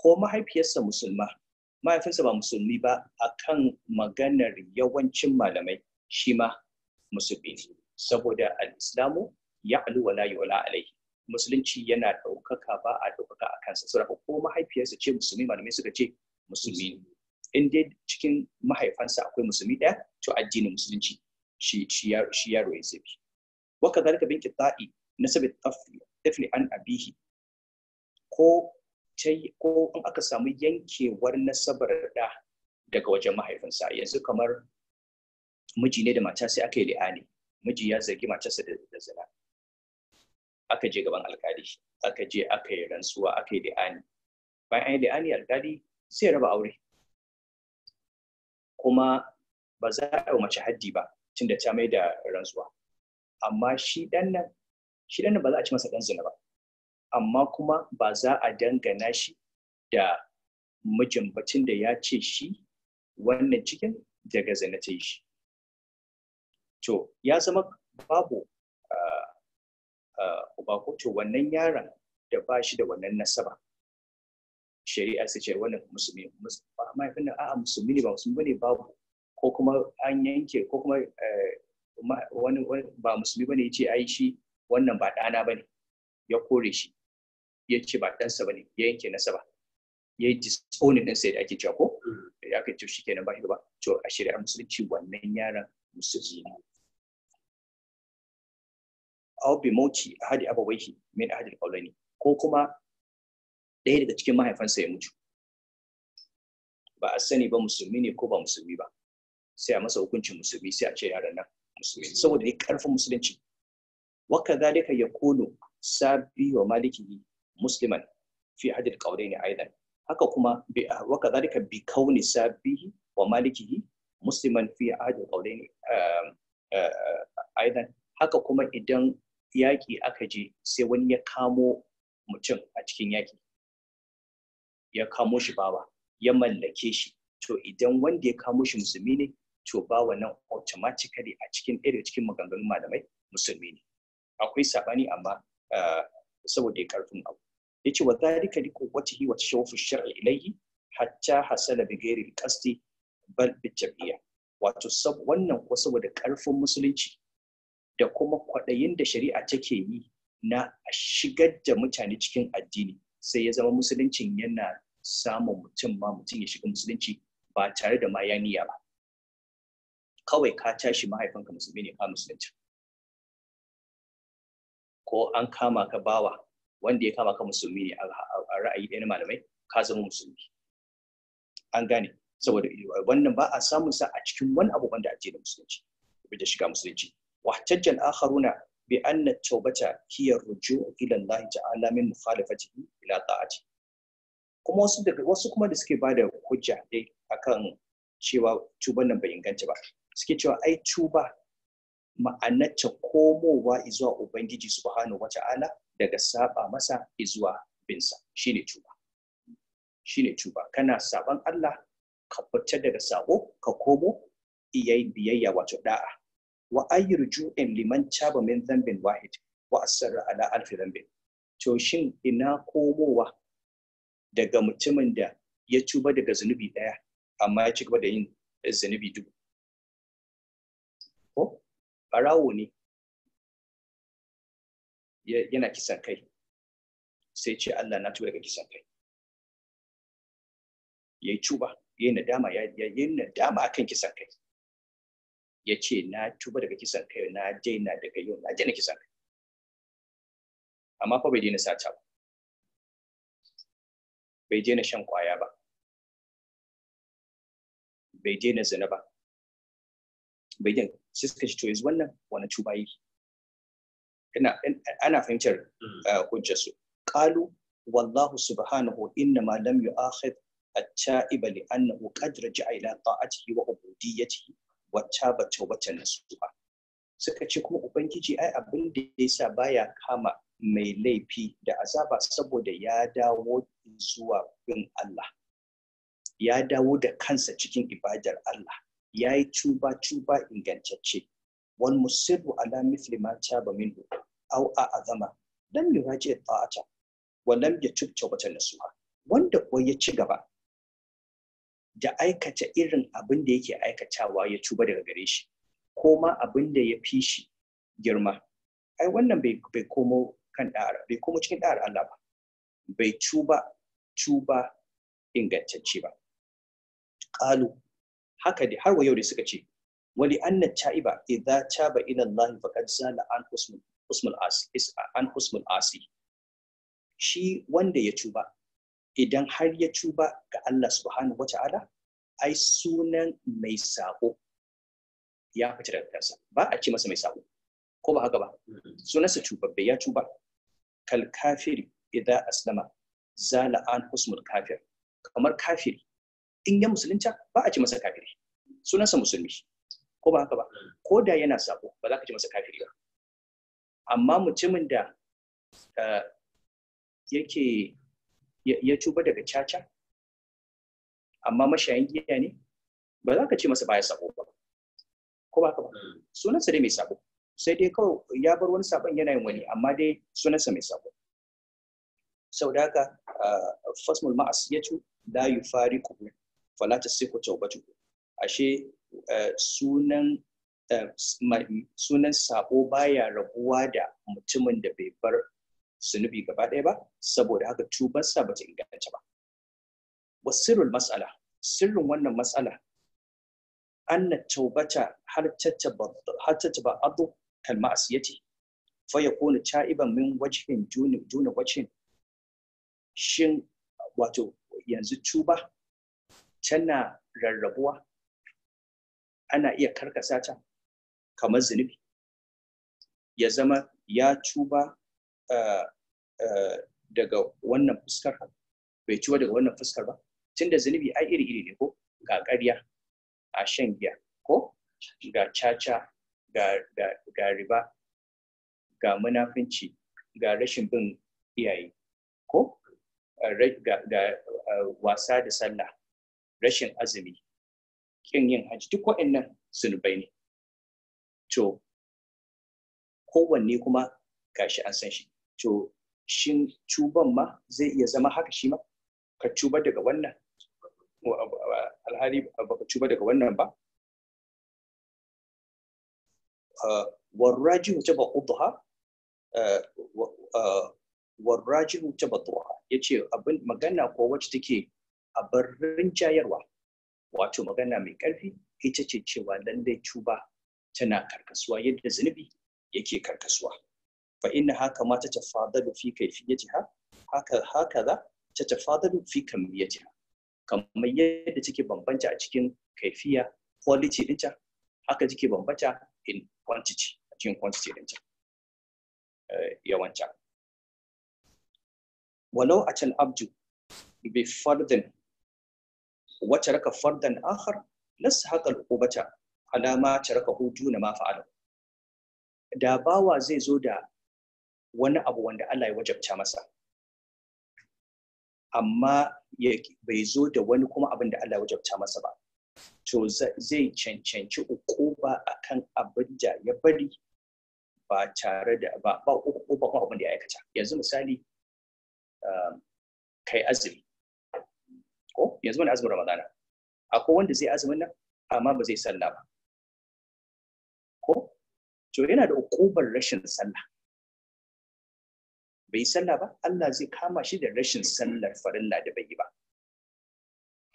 ko mahaifiyarsa musulma mahaifinsa ba musulmi ba akan maganar yawancin malamai shi ma musulmi ne saboda al-islamu ya alu wala yu'la alaihi musulunci yana ɗaukaka ba a ɗaukaka a kansa saboda ko mahaifiyarsa ce musulmi malamai suka ce musulmi ne in dai cikin mahaifansa akwai musulmi ɗaya to addinin musulunci shi shi shi yaro ya zabi wa kadalika bin qita'i nasab tafli tafli an abihi ko ko in aka samu yankewar nasabar da daga wajen mahaifinsa yanzu kamar miji ne da mata sai aka yi li'ani miji ya zargi matarsa da zina aka je gaban alkali aka je aka yi rantsuwa aka yi li'ani bayan an yi li'ani alkali sai raba aure kuma ba za a yi mace haddi ba tunda ta mai da rantsuwa amma shi dan nan shi dan nan ba za a ci masa dan zina ba amma kuma ba za a dangana shi da mijin bacin da ya ce shi wannan cikin daga zina ta shi to ya zama babu ah, ah, uba ko to wannan yaron da ba shi da wannan nasaba shari'a sai ce wannan musulmi mahaifin nan a'a musulmi ne ba musulmi ne babu ko kuma an yanke ko kuma eh, wani ba musulmi bane ya ce ai shi wannan ba ɗana bane ya kore shi ya ce ba ɗansa bane ya yanke nasaba ya yi disowning ɗin sai da ake cewa ko hmm. ya kai shi kenan ba shi ba to a shari'ar musulunci wannan yaran musulmi ne aw bi mauti ahadi abawaihi min ahadi al ko kuma ɗaya daga cikin mahaifansa ya mutu ba a sani ba musulmi ne ko ba musulmi ba sai a masa hukuncin musulmi sai a ce yaran nan musulmi saboda ni karfin musulunci wa ya yakunu sabi wa maliki musliman fi hadil qawlaini aidan haka kuma wa kadhalika bi kauni sabi wa maliki musliman fi hadil qawlaini um, uh, aidan haka kuma idan yaƙi aka je sai wani ya kamo mutum a cikin yaƙi ya kamo shi bawa ya mallake shi to idan wanda ya kamo shi musulmi ne coba wannan automatically a cikin ɗaya cikin maganganun malamai musulmi ne akwai sabani amma ah, saboda ya karfin abu Ya ce wa dhalika wata quwwatihi wa tashawuf shar'i ilayi hatta hasala bi gairi al bal bi jam'iyya wato wannan ko saboda karfin musulunci da kuma kwaɗayin da shari'a take yi na shigar da mutane cikin addini sai ya zama musuluncin yana samun mutum ma mutum ya shiga musulunci ba tare da ma ya niyya ba kawai ka tashi mahaifinka musulmi ne ka musulunci ko an kama ka bawa wanda ya kama ka musulmi ne a ra'ayi ɗaya na malamai ka zama musulmi an gane saboda eh, wannan ba a samun sa a cikin wani abu wanda ake da musulunci da shiga musulunci wahtajjal akharuna bi anna tawbata hiya ruju'u ila Allah ta'ala min mukhalafati ila ta'ati kuma wasu daga wasu kuma da suke bada hujja dai akan cewa tuban nan bai inganta ba suke cewa ai tuba ma'anarta komowa izuwa ubangiji subhanahu wa ta'ala daga saba masa izuwa binsa shine tuba shine tuba kana saban Allah ka fita daga sabo ka komo iyai biyayya wato da'a wa in liman chaba min zambin wahid wa asarra ala alfi zambin to shin ina komowa daga mutumin da ya tuba daga zunubi daya amma ya ci gaba da yin zunubi dubu barawo ne yana kisan kai sai ce Allah na tuba daga kisan kai ya yi tuba ya yi nadama ya akan kisan kai ya ce na tuba daga kisan kai na daina daga yau na daina kisan kai amma fa bai daina sata ba bai daina shan kwaya ba bai daina zina ba bai daina sai suka to yanzu wannan wani tuba yake ina ana fahimtar hmm. eh, hujjar su qalu wallahu subhanahu inna ma lam yu'akhid التائب لأنه قد رجع إلى طاعته وعبوديته وتاب توبة ba suka ce kuma ubangiji ai abin da ya sa baya kama mai laifi da azaba saboda ya dawo zuwa bin Allah ya dawo da kansa cikin ibadar Allah ya yi cuba-cuba ingantacce wal musirru ala mithli ma taba minhu aw a azama lam yuraji ta'ata wa lam yatub tawbatan nasuha wanda ko ya ci gaba da aikata irin abin da yake aikatawa ya tuba daga gare shi ko ma abin da ya fi shi girma ai wannan bai komo kan bai komo cikin da'ar Allah ba bai tuba tuba ingantacce ba qalu haka dai har wa yau da suka ce wali anna cha'iba idza chaba ila Allah faqad sala an husmul husmul asi is an husmul asi shi wanda ya tuba idan har ya tuba ga Allah subhanahu wata'ala ai sunan mai sako ya fita daga kansa ba a ce masa mai sako ko ba haka ba sunansa cubabbe ya tuba kal kafiri idza aslama zala an husmul kafir kamar kafiri in ya musulunta ba a ci masa kafiri sunansa musulmi ko ba haka ba ko da yana sako ba za ka ci masa kafiri ba amma mutumin da eh, yake ya tuba daga caca amma mashayin giya ne ba za ka ce masa baya sako ba ko ba haka ba hmm. sunansa dai mai sako? sai dai kawai ya bar wani sabon yana yin wani amma dai sunansa mai sako. sau da haka eh, fasmul ma'as ya la kuma fala tauba tawbatuhu ashe sunan sunan sabo baya raguwa da mutumin da bai bar sunubi gaba ɗaya ba saboda haka tubarsa bata inganta ba wasirul mas'ala sirrin wannan mas'ala anna taubata har adu kal ma'asiyati fa yakunu iba min wajhin duna wajhin shin wato yanzu tuba tana rarrabuwa ana iya karkasa ta kamar zunubi ya zama ya cuba eh, eh, daga wannan fuskar bai tuba daga wannan fuskar ba tunda zunubi ai iri iri ne ko ga ƙarya a shan giya ko ga caca ga riba ga munafinci ga rashin bin iyaye ko eh, ga wasa da sallah rashin azumi kin yin haji duk waɗannan zunubai ne to kowanne kuma gashi an san shi to shin tuban ma zai iya zama haka shi ma ka tuba daga wannan alhali ka tuba daga wannan ba warrajihu tabaquduha warrajihu ya yace abin magana ko wacce take abin rinjayarwa wato magana mai ƙarfi ita ce cewa lallai cuba tana karkasuwa yadda zunubi yake karkasuwa fa inna haka ma ta tafadalu fi kaifiyatiha haka haka za ta tafadalu fi kamiyatiha kamar yadda take bambanta a cikin kaifiya quality dinta, haka take bambanta in quantity a cikin quantity dinta eh, yawanta walau a can abdu bi fardin raka fardan akhar آخر لسحق العقوبة alama ما hutu na ma فعله da bawa zai zo da wani abu wanda Allah ya wajabta masa amma bai zo da wani kuma abin da Allah ya wajabta masa ba to zai cancanci ukuba akan abin da ya bari ba tare da ba ba ukuba kuma abin da ya aikata yanzu misali ah, kai azumi ko yanzu mana azumin ramadana akwai wanda zai azumin nan amma ba zai sallah ba ko to yana da ukubar rashin sallah bai sallah ba Allah zai kama shi da rashin sallar farilla da bai yi ba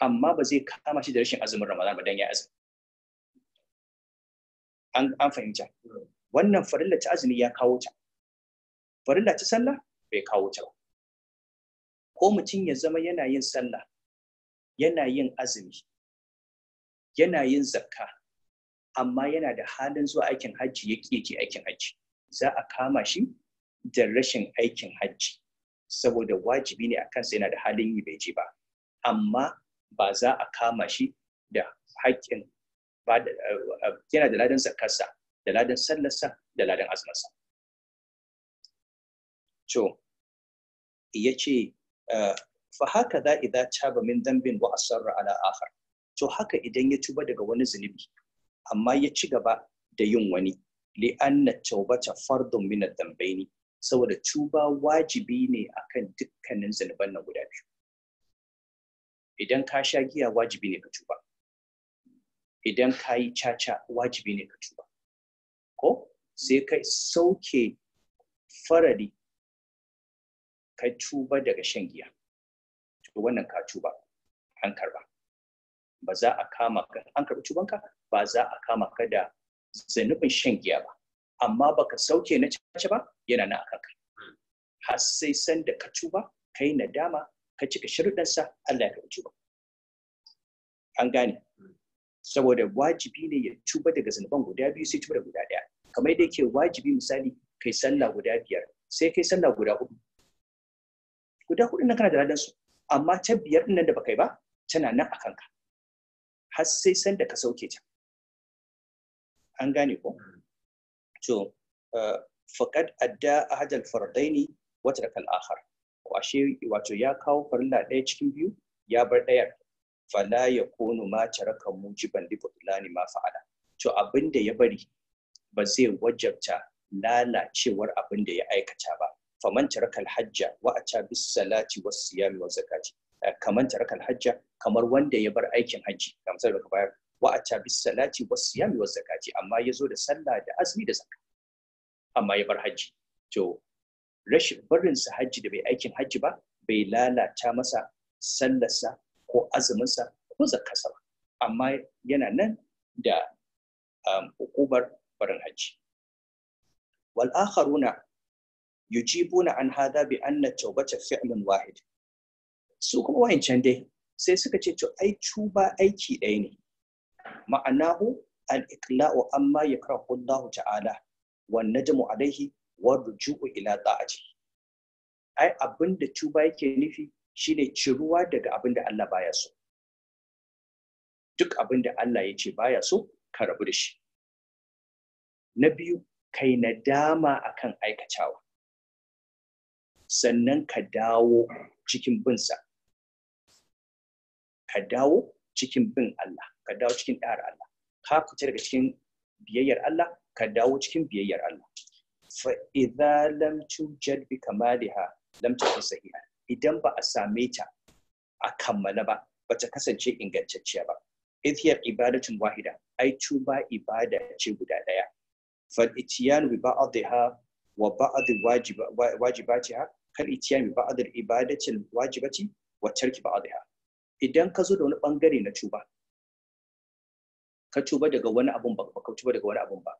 amma ba zai kama shi da rashin azumin Ramadan ba dan ya azumi an an fahimta wannan farilla ta azumi ya kawo ta farilla ta sallah bai kawo ta ko mutum ya zama yana yin sallah yana yin azumi yana yin zakka amma yana da halin zuwa aikin hajji ya yake aikin hajji za a kama shi da rashin aikin hajji saboda wajibi ne a kansa yana da halin yi bai je ba amma ba za a kama shi da haƙƙin eh, yana da ladan zakarsa da ladan sallarsa da ladan azumarsa to ya ce eh, fa haka za idza taba min dambin wa asarra ala akhar to haka idan ya tuba daga wani zunubi amma ya ci gaba da yin wani li anna tawbata fardun min ad-dambaini saboda tuba wajibi ne akan dukkanin zunuban nan guda biyu idan ka sha giya wajibi ne ka tuba idan ka yi caca wajibi ne ka tuba ko sai ka sauke farari ka tuba daga shan giya to wannan ka cuba an karba ba za a kama ka an karbi cubanka ba za a kama ka da zanubin shan giya ba amma baka sauke na cace ba yana na akan ka har sai san da ka cuba kai nadama ka cika sa Allah ya karbi cuba an gane saboda wajibi ne ya cuba daga zanuban guda biyu sai cuba da guda ɗaya kamar da yake wajibi misali kai sallah guda biyar sai kai sallah guda hudu guda hudu na kana da ladan su amma ta biyar nan da baka yi ba tana nan a kanka har sai san da ka sauke ta an gane ko to eh, faqad adda ahad al fardaini wa taraka al akhar washe wato ya kawo farilla ɗaya cikin biyu ya bar ɗayar fala yakunu ma taraka mujiban li fadlani ma fa'ala to abinda ya bari ba zai wajabta lalacewar abinda ya aikata ba faman tarakal hajja wa ata bis salati was siyami was zakati kaman tarakal hajja kamar wanda ya bar aikin hajji ga misali baka bayar wa ata bis salati was siyami was zakati amma ya zo da sallah da azumi da zakka amma ya bar hajji to rashin barin sa hajji da bai aikin hajji ba bai lalata masa sallarsa ko azuminsa ko zakkarsa ba amma yana nan da hukumar barin hajji wal akharuna yujibuna an hadha bi anna tawbata fi'lun wahid su kuma wayancan dai sai suka ce to ai tuba aiki ɗaya ne ma'anahu al-iqla'u amma yakrahu Allah ta'ala wan najmu alaihi wa ruju'u ila ta'ati ai abinda tuba yake nufi shine ciruwa daga abinda Allah baya so duk abinda Allah ya ce baya so ka rabu da shi na biyu kai nadama akan aikatawa sannan ka dawo cikin binsa ka dawo cikin bin Allah ka dawo cikin ɗa'ar Allah ka fita daga cikin biyayyar Allah ka dawo cikin biyayyar Allah fa idza lam tujad bi kamaliha lam sahiha idan ba a same ta a kammala ba ba ta kasance ingantacciya ba ithiyar ibadatun wahida ai tuba ibada ce guda ɗaya fal itiyanu bi ba'dha wa ba'd wajibatiha Kar itiyami ba'd al ibadati wajibati wa tarki ba'dha idan ka zo da wani bangare na tuba ka tuba daga wani abun ba ka tuba daga wani abun ba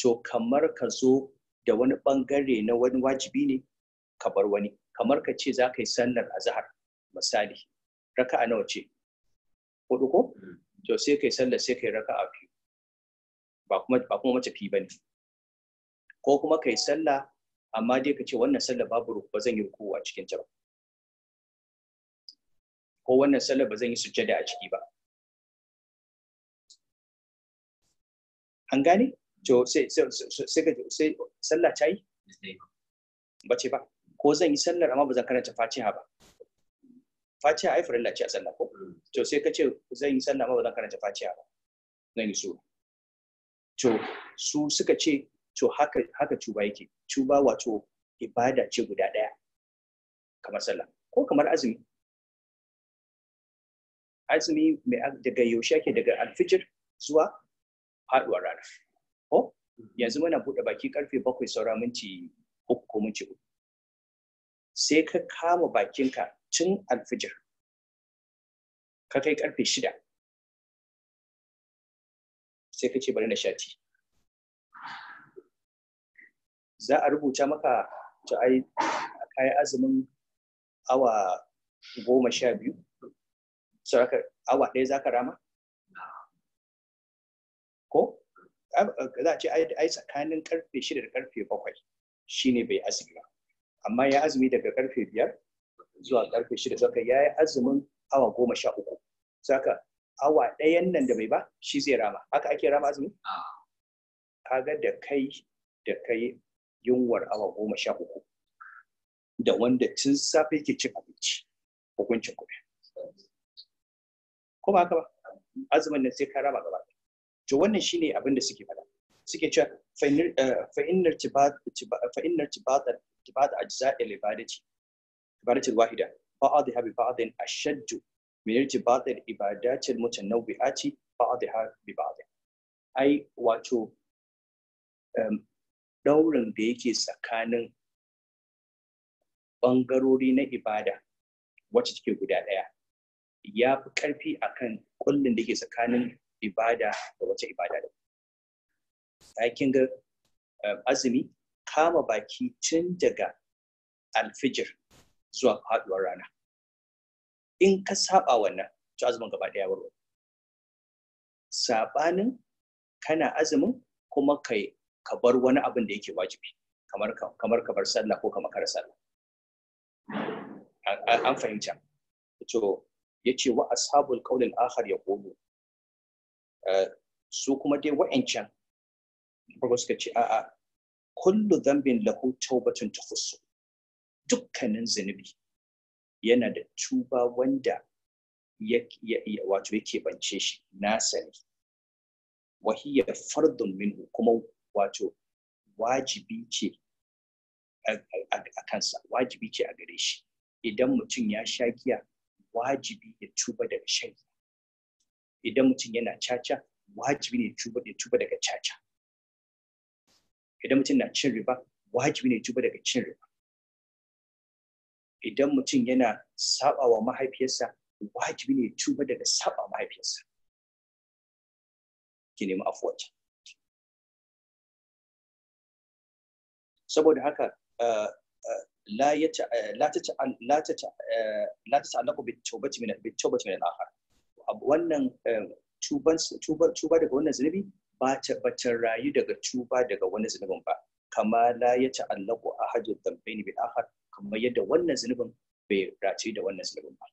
to kamar ka zo da wani bangare na wani wajibi ne ka bar wani kamar ka ce za ka yi sannar azhar misali raka'a nawa ce hudu ko to sai kai sallar sai kai raka'a biyu ba kuma ba kuma mace fi bane ko kuma kai sallah amma dai ka ce wannan sallar babu ruku ba zan yi ruku a cikin ta ba ko wannan sallar ba zan yi sujjada a ciki ba an gane to sai sai sallah ta yi ba ce ba ko zan yi sallar amma ba zan karanta fatiha ba fatiha ai farilla ce a sallah ko to sai ka ce zan yi sallah amma ba zan karanta fatiha ba zan yi sura to su suka ce to haka haka tuba yake tuba wato ibada ce guda ɗaya kamar sallah ko kamar azumi azumi daga yaushe ake daga alfijir zuwa faduwar rana ko mm-hmm. yanzu muna buɗe baki karfe bakwai saura minti uku ko minti uku sai ka kama bakinka tun alfijir ka kai karfe shida sai ka ce bari na shati za a rubuta maka ta ai kai azumin awa goma sha biyu sauraka awa ɗaya za ka rama ko za a ce ai tsakanin karfe shida da karfe bakwai shine bai azumi ba amma ya azumi daga karfe biyar zuwa karfe shida saka ya yi azumin awa goma sha uku saka awa ɗayan nan da bai ba shi zai rama haka ake rama azumi ah. kaga da kai da kai yunwar awa goma sha uku da wanda tun safe ke cin abinci hukuncin kuɗi ko ba haka ba azumin nan sai ka raba gaba to wannan shi ne abin da suke faɗa suke cewa fa eh, innar tibada tibada ajza al ibadati ibadati al wahida ba'dha bi ba'dhin ashadd min irtibat al ibadati al mutanawwi'ati ba'dha bi ba'd ai wato daurin da yake tsakanin ɓangarori na ibada wacce take guda ɗaya ya fi ƙarfi akan kullum da yake tsakanin ibada da wacce ibada da aikin ga eh, azumi kama baki tun daga alfijir zuwa faɗuwar rana in ka saba wannan to azumin gaba ɗaya warware sabanin kana azumin kuma kai ka bar wani abin da yake wajibi kamar kamar ka bar sallah ko kamar makara sallah an fahimta to yace wa ashabul qaulil akhar yaqulu eh, su kuma dai wa'ancan farko ce a'a kullu dhanbin lahu tawbatun tafsu dukkanin zunubi yana da tuba wanda ya wato yake bance shi nasani wa hiya fardun minhu kuma wato wajibi ce a kansa wajibi ce a gare shi idan mutum ya sha giya wajibi ya tuba daga shan giya idan mutum yana caca wajibi ne ya tuba daga caca idan mutum na cin riba wajibi ne ya tuba daga cin riba idan mutum yana saba wa mahaifiyarsa wajibi ne ya tuba daga saba mahaifiyarsa ki nemi afuwata saboda haka eh, eh, la ta ta'allaku bitobati min al'ahar wannan eh, tuba daga wannan zunubi ba ta rayu daga tuba daga wannan zunubin ba kama la ya ta'allaku a hajjin dambaini bil akhar kamar yadda wannan zunubin bai race da wannan zunubin ba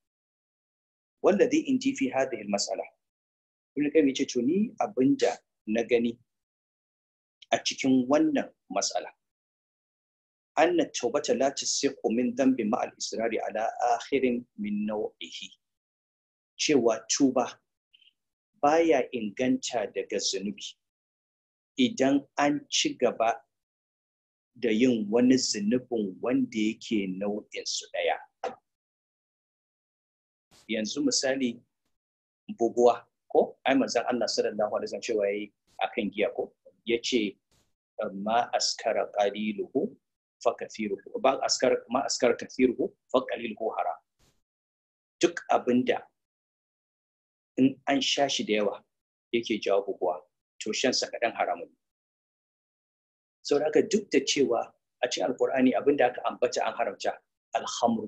wanda zai in ji fi hadhihi al-mas'ala ibn qayyim yace to ni abinda na gani a cikin wannan mas'ala anna taubata la tasiqu min dhanbi ma'al israri ala akhirin min naw'ihi cewa tuba baya inganta daga zunubi idan an ci gaba da yin wani zunubin wanda yake nau'insu ɗaya. Yanzu misali buguwa ko ai manzon Allah sallallahu alaihi wasallam cewa yayi akan giya ko yace amma askara qaliluhu fakathiruhu ba askar ma askar kathiruhu faqaliluhu haram duk abinda in an sha shi da yawa yake jawo buguwa to shan sa kaɗan haramun Sau haka duk da cewa a cikin alkur'ani abinda aka ambata an haramta alhamru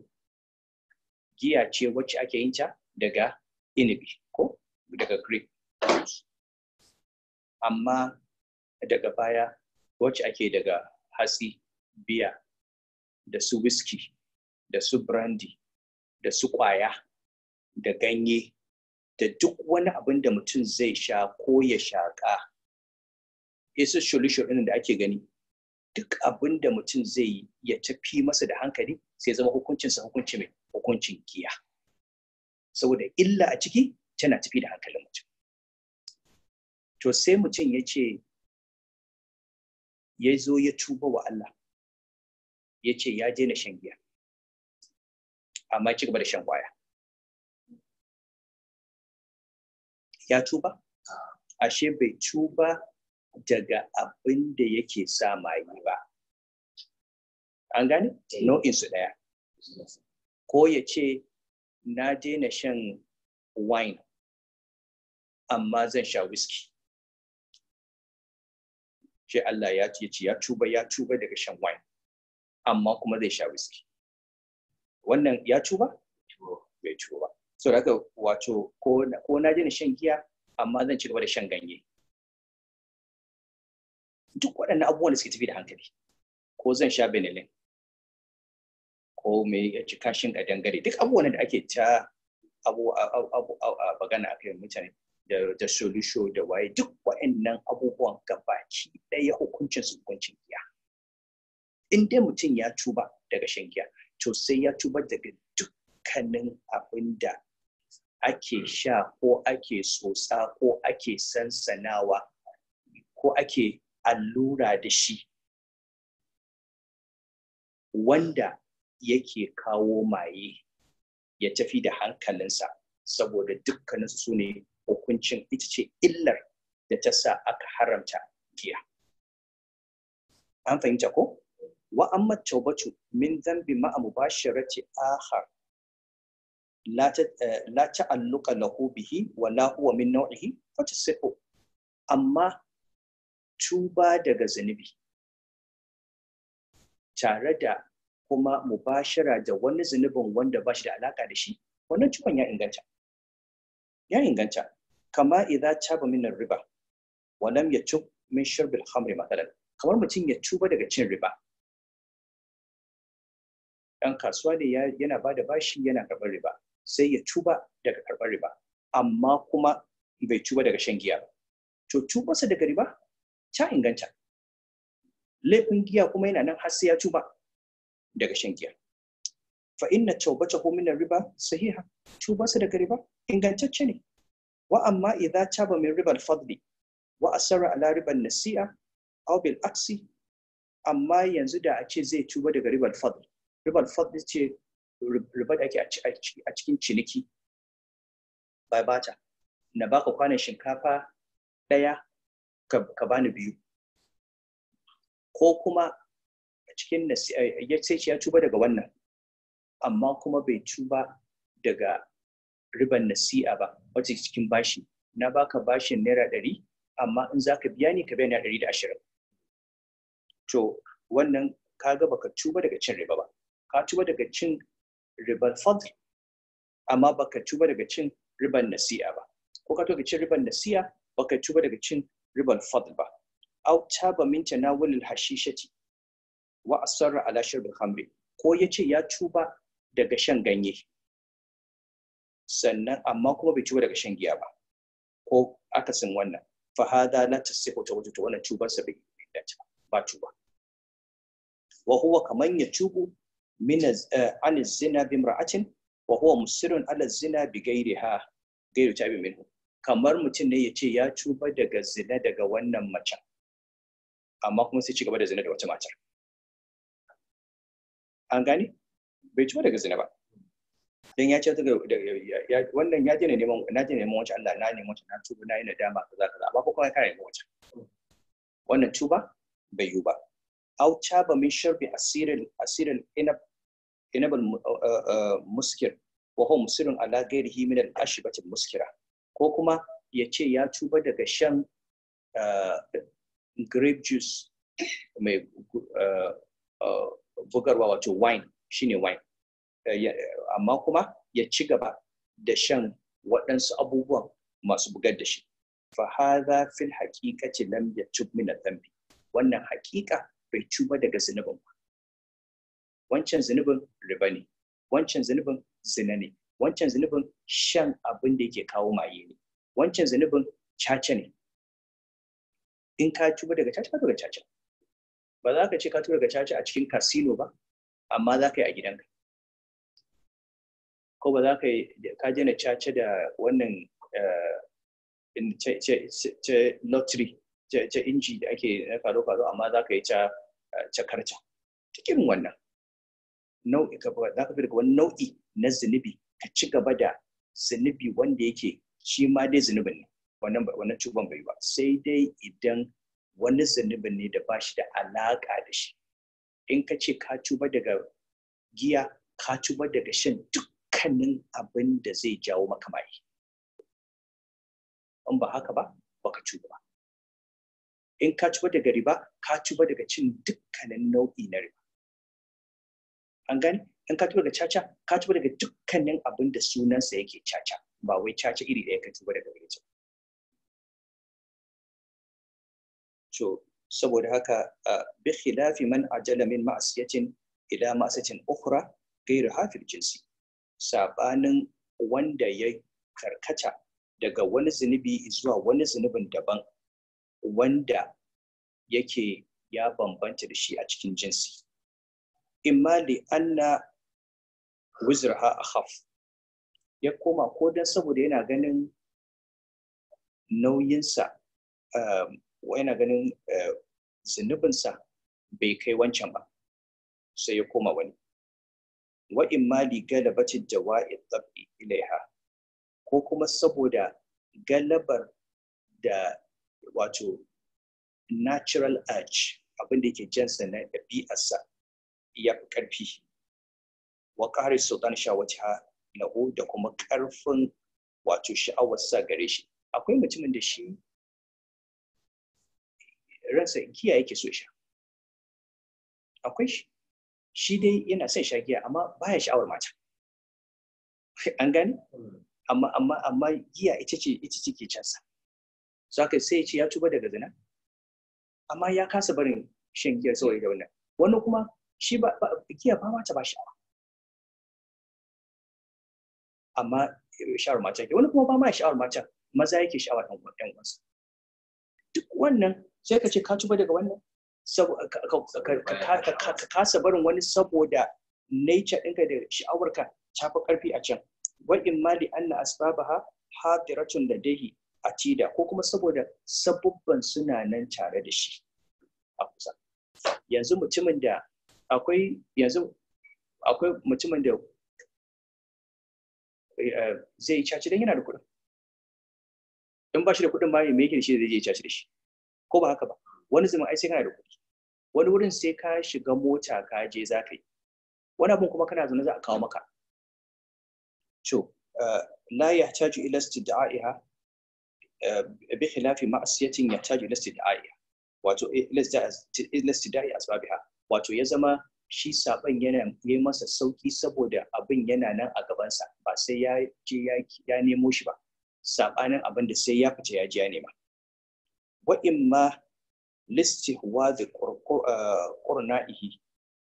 giya ce wacce ake yin ta daga inibi ko daga grape amma daga baya wacce ake daga hatsi biya da su whisky da su brandy da su kwaya da ganye da duk wani abin da mutum zai sha ko ya shaƙa isa solution ɗin da ake gani duk abin da mutum zai yi ya tafi masa da hankali sai zama hukuncinsa hukunci mai hukuncin giya saboda illa a ciki tana tafi da hankalin mutum to sai mutum ya ce ya zo ya tuba wa Allah ya ce ya daina shan giya amma ya ci gaba da shan kwaya ya tuba ashe bai tuba daga abin da yake sa mai ba an gane su ɗaya ko ya ce na daina shan wine amma zan sha whisky shi Allah ya ce ya tuba ya tuba daga shan wine amma kuma zai sha wiski wannan ya cuba bai cuba so da wato ko na na shan giya amma zan ci gaba da shan ganye duk waɗannan abubuwan da suke tafi da hankali ko zan sha benelin ko me ya ci kashin a dangare duk abubuwan da ake ta abu a bagana a kai mutane da solusho da waye duk waɗannan abubuwan gabaci ɗaya hukuncin su hukuncin giya in dai mutum ya tuba daga shan giya to sai ya tuba daga dukkanin abin da ake sha ko ake tsotsa ko ake sansanawa ko ake allura da shi wanda yake kawo maye ya tafi da hankalinsa saboda dukkanin su ne hukuncin ita ce illar da ta sa aka haramta giya. An fahimta ko? wa amma taubatu min zambi ma'a mubasharati akhar eh, la ta'alluqa lahu bihi wa la huwa min naw'ihi fa tasihhu amma tuba daga zunubi tare da kuma mubashara da wani zunubin wanda ba shi da alaka da shi wannan tuban ya inganta ya inganta kama idza taba min riba wa lam yatub min shurbil khamri matalan kamar mutum ya tuba daga cin riba ɗan kasuwa ne yana ba da bashi yana karɓar riba sai ya tuba daga karɓar riba amma kuma bai tuba daga shan giya ba to tubarsa daga riba ta inganta laifin giya kuma yana nan har sai ya tuba daga shan giya fa inna hu min riba sahiha tubarsa daga riba ingantacce ne wa amma idza taba min riba al-fadli wa asara ala riba nasi'a aw bil aksi amma yanzu da a ce zai tuba daga riba al-fadli ribar fad ce riba da ake a cikin ciniki bai bata na baka kwanan shinkafa ɗaya ka bani biyu ko kuma a cikin ya sai ya tuba daga wannan amma kuma bai tuba daga riban nasi'a ba wata cikin bashi na baka bashin naira ɗari amma in za ka biya ni ka biya naira ɗari da ashirin to wannan ka ga baka tuba daga cin riba ba ka ci ba daga cin ribar fadl amma baka ci ba daga cin ribar nasi'a ba ko ka toka cin ribar nasi'a baka ci ba daga cin ribar fadl ba au ba min tanawulil hashishati wa asarra ala shirbil khamri ko yace ya cuba daga shan ganye sannan amma kuma bai cuba daga shan giya ba ko akasin wannan fa hada la tasihu wajuta wannan cubar sa bai dace ba cuba wa huwa kaman ya cubu min eh, an zina bi imra'atin wa huwa musirun ala zina bi ghairiha ghairu tabi kamar mutum ne ya ce ya cuba daga zina daga wannan macen amma kuma sai ci gaba da zina da wata matar an gani? bai cuba daga zina ba dan ya ce wannan ya je neman na je neman wacce Allah na neman wacce na tuba na yi dama kaza kaza ba ko kuma ya kai neman wacce wannan tuba bai yi ba أو ba من sharbi عصير عصير العنب عنب المسكر وهو على غيره من ko kuma ya ce ya tuba daga shan grape juice mai bugarwa wato wine shine wine amma kuma ya ci gaba da shan waɗansu abubuwan masu bugar da shi fahaza fil haƙiƙaci lam yatub min wannan haƙiƙa bai cuba daga zunubin ba wancan zunubin riba ne wancan zunubin zina ne wancan zunubin shan abin da yake kawo maye ne wancan zunubin caca ne in ka cuba daga caca ka daga caca ba za ka ce ka tuba daga caca a cikin kasino ba amma za ka yi a gidanka ko ba za ka yi ka jana caca da wannan lottery ta inji da ake na faro-faro amma za ka yi ta eh, cakarca Tukin wannan nau'i za ka fi daga wani nau'i na zunubi ka ci gaba da zunubi wanda yake shi ma dai zunubin ne wannan cuban bai ba sai dai idan wani zunubin ne da ba shi da alaƙa da shi in ka ce ka cuba daga giya ka cuba daga shan dukkanin abin da zai jawo maka mai in ba haka ba baka cuba ba in ka ciba daga riba ka ciba daga cin dukkanin nau'i na riba an gani in ka ciba daga caca ka ciba daga dukkanin abin da sunansa yake caca ba wai caca iri ɗaya ka ba daga gare ta saboda haka bi khilafi man ajala min ma'asiyatin ila ma'asiyatin ukhra ghayr hafil jinsi sabanin wanda ya karkata daga wani zunubi zuwa wani zunubin daban wanda yake ya bambanta da shi a cikin jinsi imma li anna a akhaf ya koma ko dan saboda yana ganin nauyinsa eh, yana ganin eh, zunubinsa bai kai wancan ba sai ya koma wani wa imma li galabati jawa'i tabi ilaiha ko kuma saboda galabar da wato natural urge abin da yake jinsa na ɗabi'arsa ya fi ƙarfi wa ƙari sultan shawata lahu da kuma ƙarfin wato sha'awar sa gare shi akwai mutumin da shi ransa giya yake so sha akwai shi shi dai yana son sha giya amma baya sha'awar mata an gane hmm. amma amma amma giya ita ce ita ce ke cansa so haka sai ce ya tuba daga zina amma ya kasa barin shan giya saboda ita wannan wani kuma shi ba giya ba ma ta ba sha'awa amma sha'awar mata yake wani kuma ba ma sha'awar mata maza yake sha'awar ɗan ɗan wasu. duk wannan sai ka ce ka tuba daga wannan ka kasa barin wani saboda nature ɗinka da sha'awarka ta fi ƙarfi a can wa in ma li anna asbabaha hadiratun da dahi A cida ko kuma saboda sabubban suna nan tare da shi a kusa yanzu mutumin da akwai yanzu akwai mutumin da eh, zai caci don yana da kuɗin in ba shi da kuɗin ba me yake da shi zai je caci da shi ko ba haka ba wani zaman ai sai kana da kuɗi wani wurin sai ka shiga mota ka je za ka yi wani abun kuma kana zaune za a kawo maka to eh, la yahtaju ila istidaiha بخلاف معصية يحتاج إلى استدعائها wato listida'i asbabiha wato ya zama shi saban yana yi masa sauki saboda abin yana nan a gabansa ba sai ya je ya nemo shi ba sabanin abin da sai ya fita ya je ya nema wa imma listihwa da qurna'ihi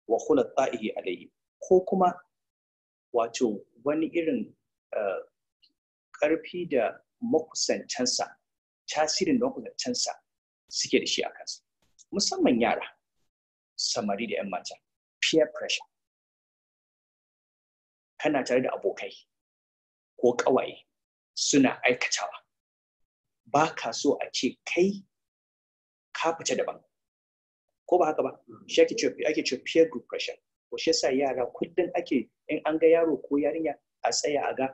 wa khulata'ihi alayhi ko kuma wato wani irin karfi da Makusancinsa tasirin da suke da shi a kansa musamman yara samari da 'yan mata peer pressure kana tare da abokai ko ƙawaye suna aikatawa ba ka so a ce kai ka fita daban ko ba haka ba mm. shi ake ce peer group pressure ko shi sa yara kullum ake in an ga yaro ko yarinya a tsaya a ga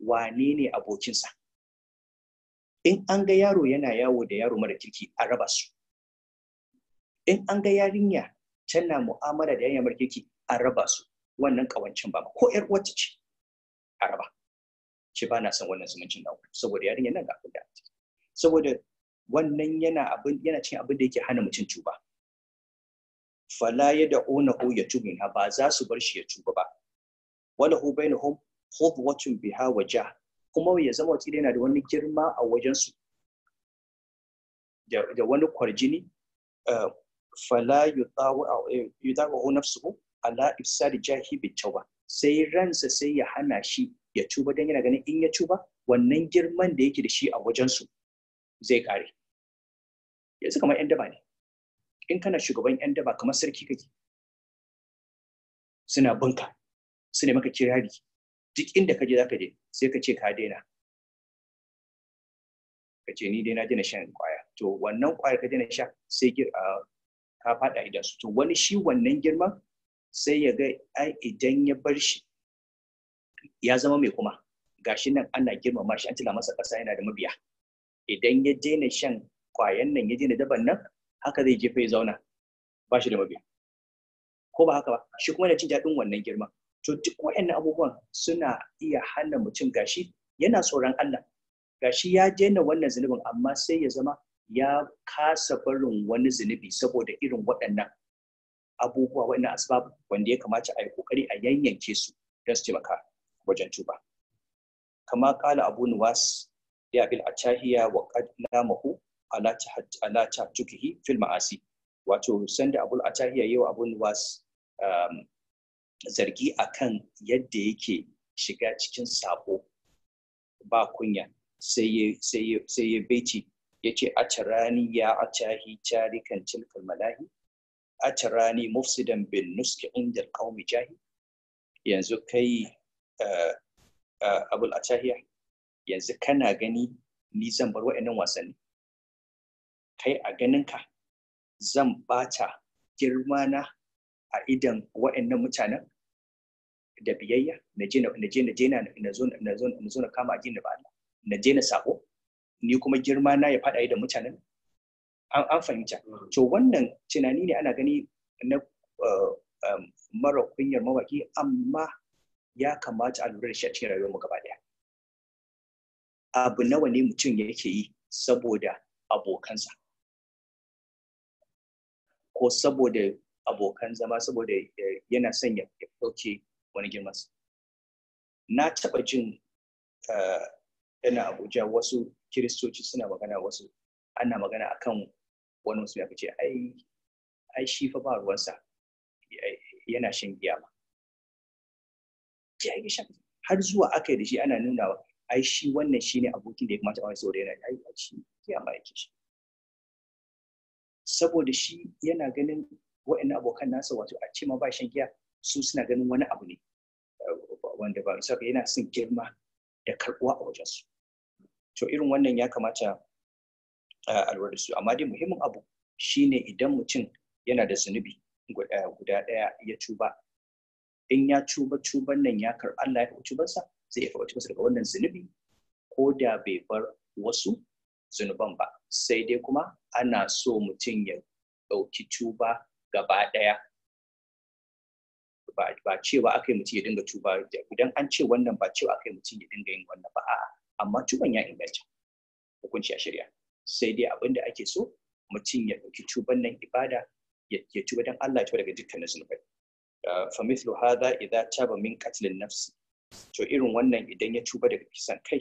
wane ne abokinsa in an ga yaro yana yawo da yaro mara kirki a raba su in an ga yarinya tana mu'amala da yarinya mara kirki a raba su wannan kawancin ba ko yar wata ce a raba ce ba na son wannan zumuncin naku saboda yarinya nan ga abin da saboda wannan yana abin yana cikin abin da yake hana mutum tuba fala ya ona ko ya tuba ba za su bar shi ya tuba ba wala hu bainahum watun biha wajah kuma ya zama wata yana da wani girma a wajensu da wani kwarjini eh, fala yudawa eh, nafsuhu ala da jahi bi cewa sai ransa sai ya hana shi ya cuba don yana ganin in ya cuba. wannan girman da yake da shi a wajensu zai kare yanzu kamar yan daba ne in kana shugaban yan daba kamar sarki kake suna bunka su maka kirari duk inda ka je zaka je sai ka ce ka daina ka ce ni dai na daina shan kwaya to wannan kwaya ka daina sha sai ka fada idan su to wani shi wannan girman sai ya ga ai idan ya bar shi ya zama mai kuma gashi nan ana girmama shi an tila masa ƙasa yana da mabiya idan ya daina shan kwayan nan ya daina daban nan haka zai jefa ya zauna ba shi da mabiya ko ba haka ba shi kuma yana jin daɗin wannan girman to duk waɗannan abubuwan suna iya hana mutum gashi yana tsoron Allah gashi ya daina wannan zunubin amma sai ya zama ya kasa barin wani zunubi saboda irin waɗannan abubuwa waɗannan asbab wanda ya kamata a yi kokari a yanyanke su don su taimaka wajen tuba kama kala abu nuwas ya bil atahiya wa qad ala ala tukihi fil ma'asi wato sanda abul atahiya yau abu nuwas um, zargi a kan yadda yake shiga cikin sabo ba kunya sai ya beci ya ce a rani ya a cahi carikan tilkal malahi a rani mufsidan bin nuski inda kaumi jahi yanzu kai eh, eh, abul atahiya yanzu kana gani ni zan bar wa'annan wasanni kai a ganinka zan bata girmana a idan wa'annan mutanen da biyayya na je na je na je na zo na zo na zo na kama addinin ba Allah na je na sako ni kuma girma na ya fada da mutanen an an fahimta mm. to wannan tunani ne ana gani na eh, eh, mara kunyar mawaki amma ya kamata a lura da shi a cikin rayuwar mu gaba daya abu nawa ne mutum yake yi saboda abokansa ko saboda abokan zama saboda eh, yana son ya dauke wani girmansa na taɓa jin yana eh, abuja wasu kiristoci suna magana wasu ana magana akan wani musu ya ce ai ai shi fa ba ruwansa yana shan giya ma har zuwa aka yi da shi ana nuna wa ai shi wannan shine abokin da ya kamata wani saboda yana ai shi giya ma yake shi saboda shi yana ganin wa'annan abokan nasa wato a ce ma ba shan giya su suna ganin wani abu ne eh, wanda ba isa yana son girma da karbuwa a wajensu to irin wannan ya kamata a lura su amma dai muhimmin abu shine idan mutum yana da zunubi eh, guda ɗaya ya tuba in ya tuba tuban nan ya kar Allah ya karɓi tubansa zai iya karɓi tubansa daga wannan zunubi ko da bai bar wasu zunuban ba sai dai kuma ana so mutum ya ɗauki tuba gaba ɗaya ba cewa aka yi mutum ya dinga tuba idan an ce wannan ba cewa aka yi mutum ya dinga yin wannan ba a'a amma tuban ya inganta hukunci a shirya. sai dai abin da ake so mutum ya ɗauki tuban nan ibada ya tuba don Allah ya tuba daga dukkanin zunubai ah, fa mithlu hadha idza taba min qatl nafsi to irin wannan idan ya tuba daga kisan kai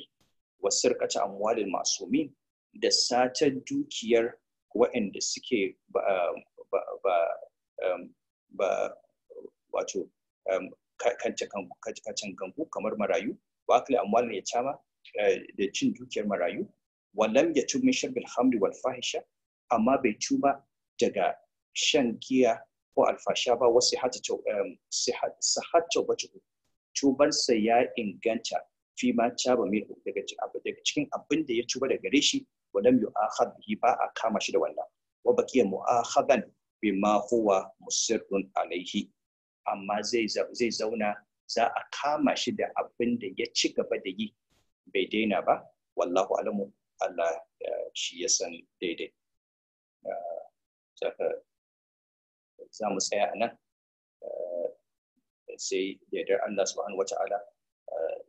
wa wasirqata amwalil masumin da satar dukiyar waɗanda suke ba um, wato um, kacin gangu kamar marayu wa akli amwal ya cama eh, da cin dukiyar marayu wallam ya tub min sharbil hamri wal fahisha amma bai tuba daga shan giya ko alfasha ba wasu ba um, taubatu tubarsa ya inganta fi ma caba mai daga cikin abin da ya tuba daga gare shi walam yu'akhad bihi ba a kama shi da wannan wa baqiya mu'akhadan ma huwa musirrun alaihi amma zai zauna za a kama shi da abin da ya ci gaba da yi bai daina ba wallahu alamu Allah eh, shi ya san daidai eh, za mu tsaya a nan eh, sai dar Allah subhanahu wa ta'ala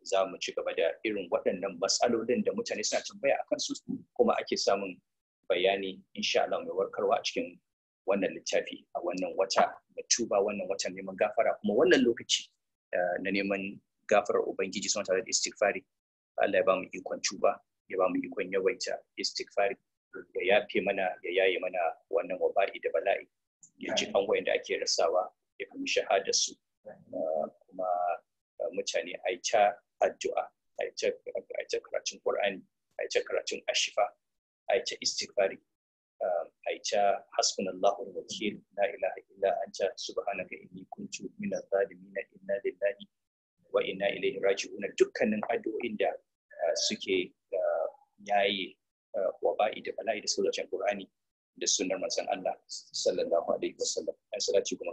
za mu ci gaba da irin waɗannan matsalolin da mutane suna tambaya a kansu kuma ake samun bayani insha Allah mai warkarwa a cikin wannan littafi a wannan wata matuba wannan watan neman gafara kuma wannan lokaci eh, na neman gafarar ubangiji sun tare da istighfari Allah ya ba mu ikon tuba ya ba mu ikon yawaita istighfari ya yafe mana ya yaye mana wannan waba'i da bala'i ya ji an da ake rasawa ya eh, kuma shahada eh, su kuma mutane a ta addu'a a ta karatun qur'ani a ta karatun ashifa a ta istighfari Um, aicha hasbunallahu wakil la ilaha illa anta subhanaka inni kuntu minaz zalimin inna lillahi wa inna ilaihi raji'un dukkanin addu'o'in da uh, suke uh, yaye uh, ba'i da bala'i da al Qur'ani da sunnar manzon Allah sallallahu alaihi wasallam ai kuma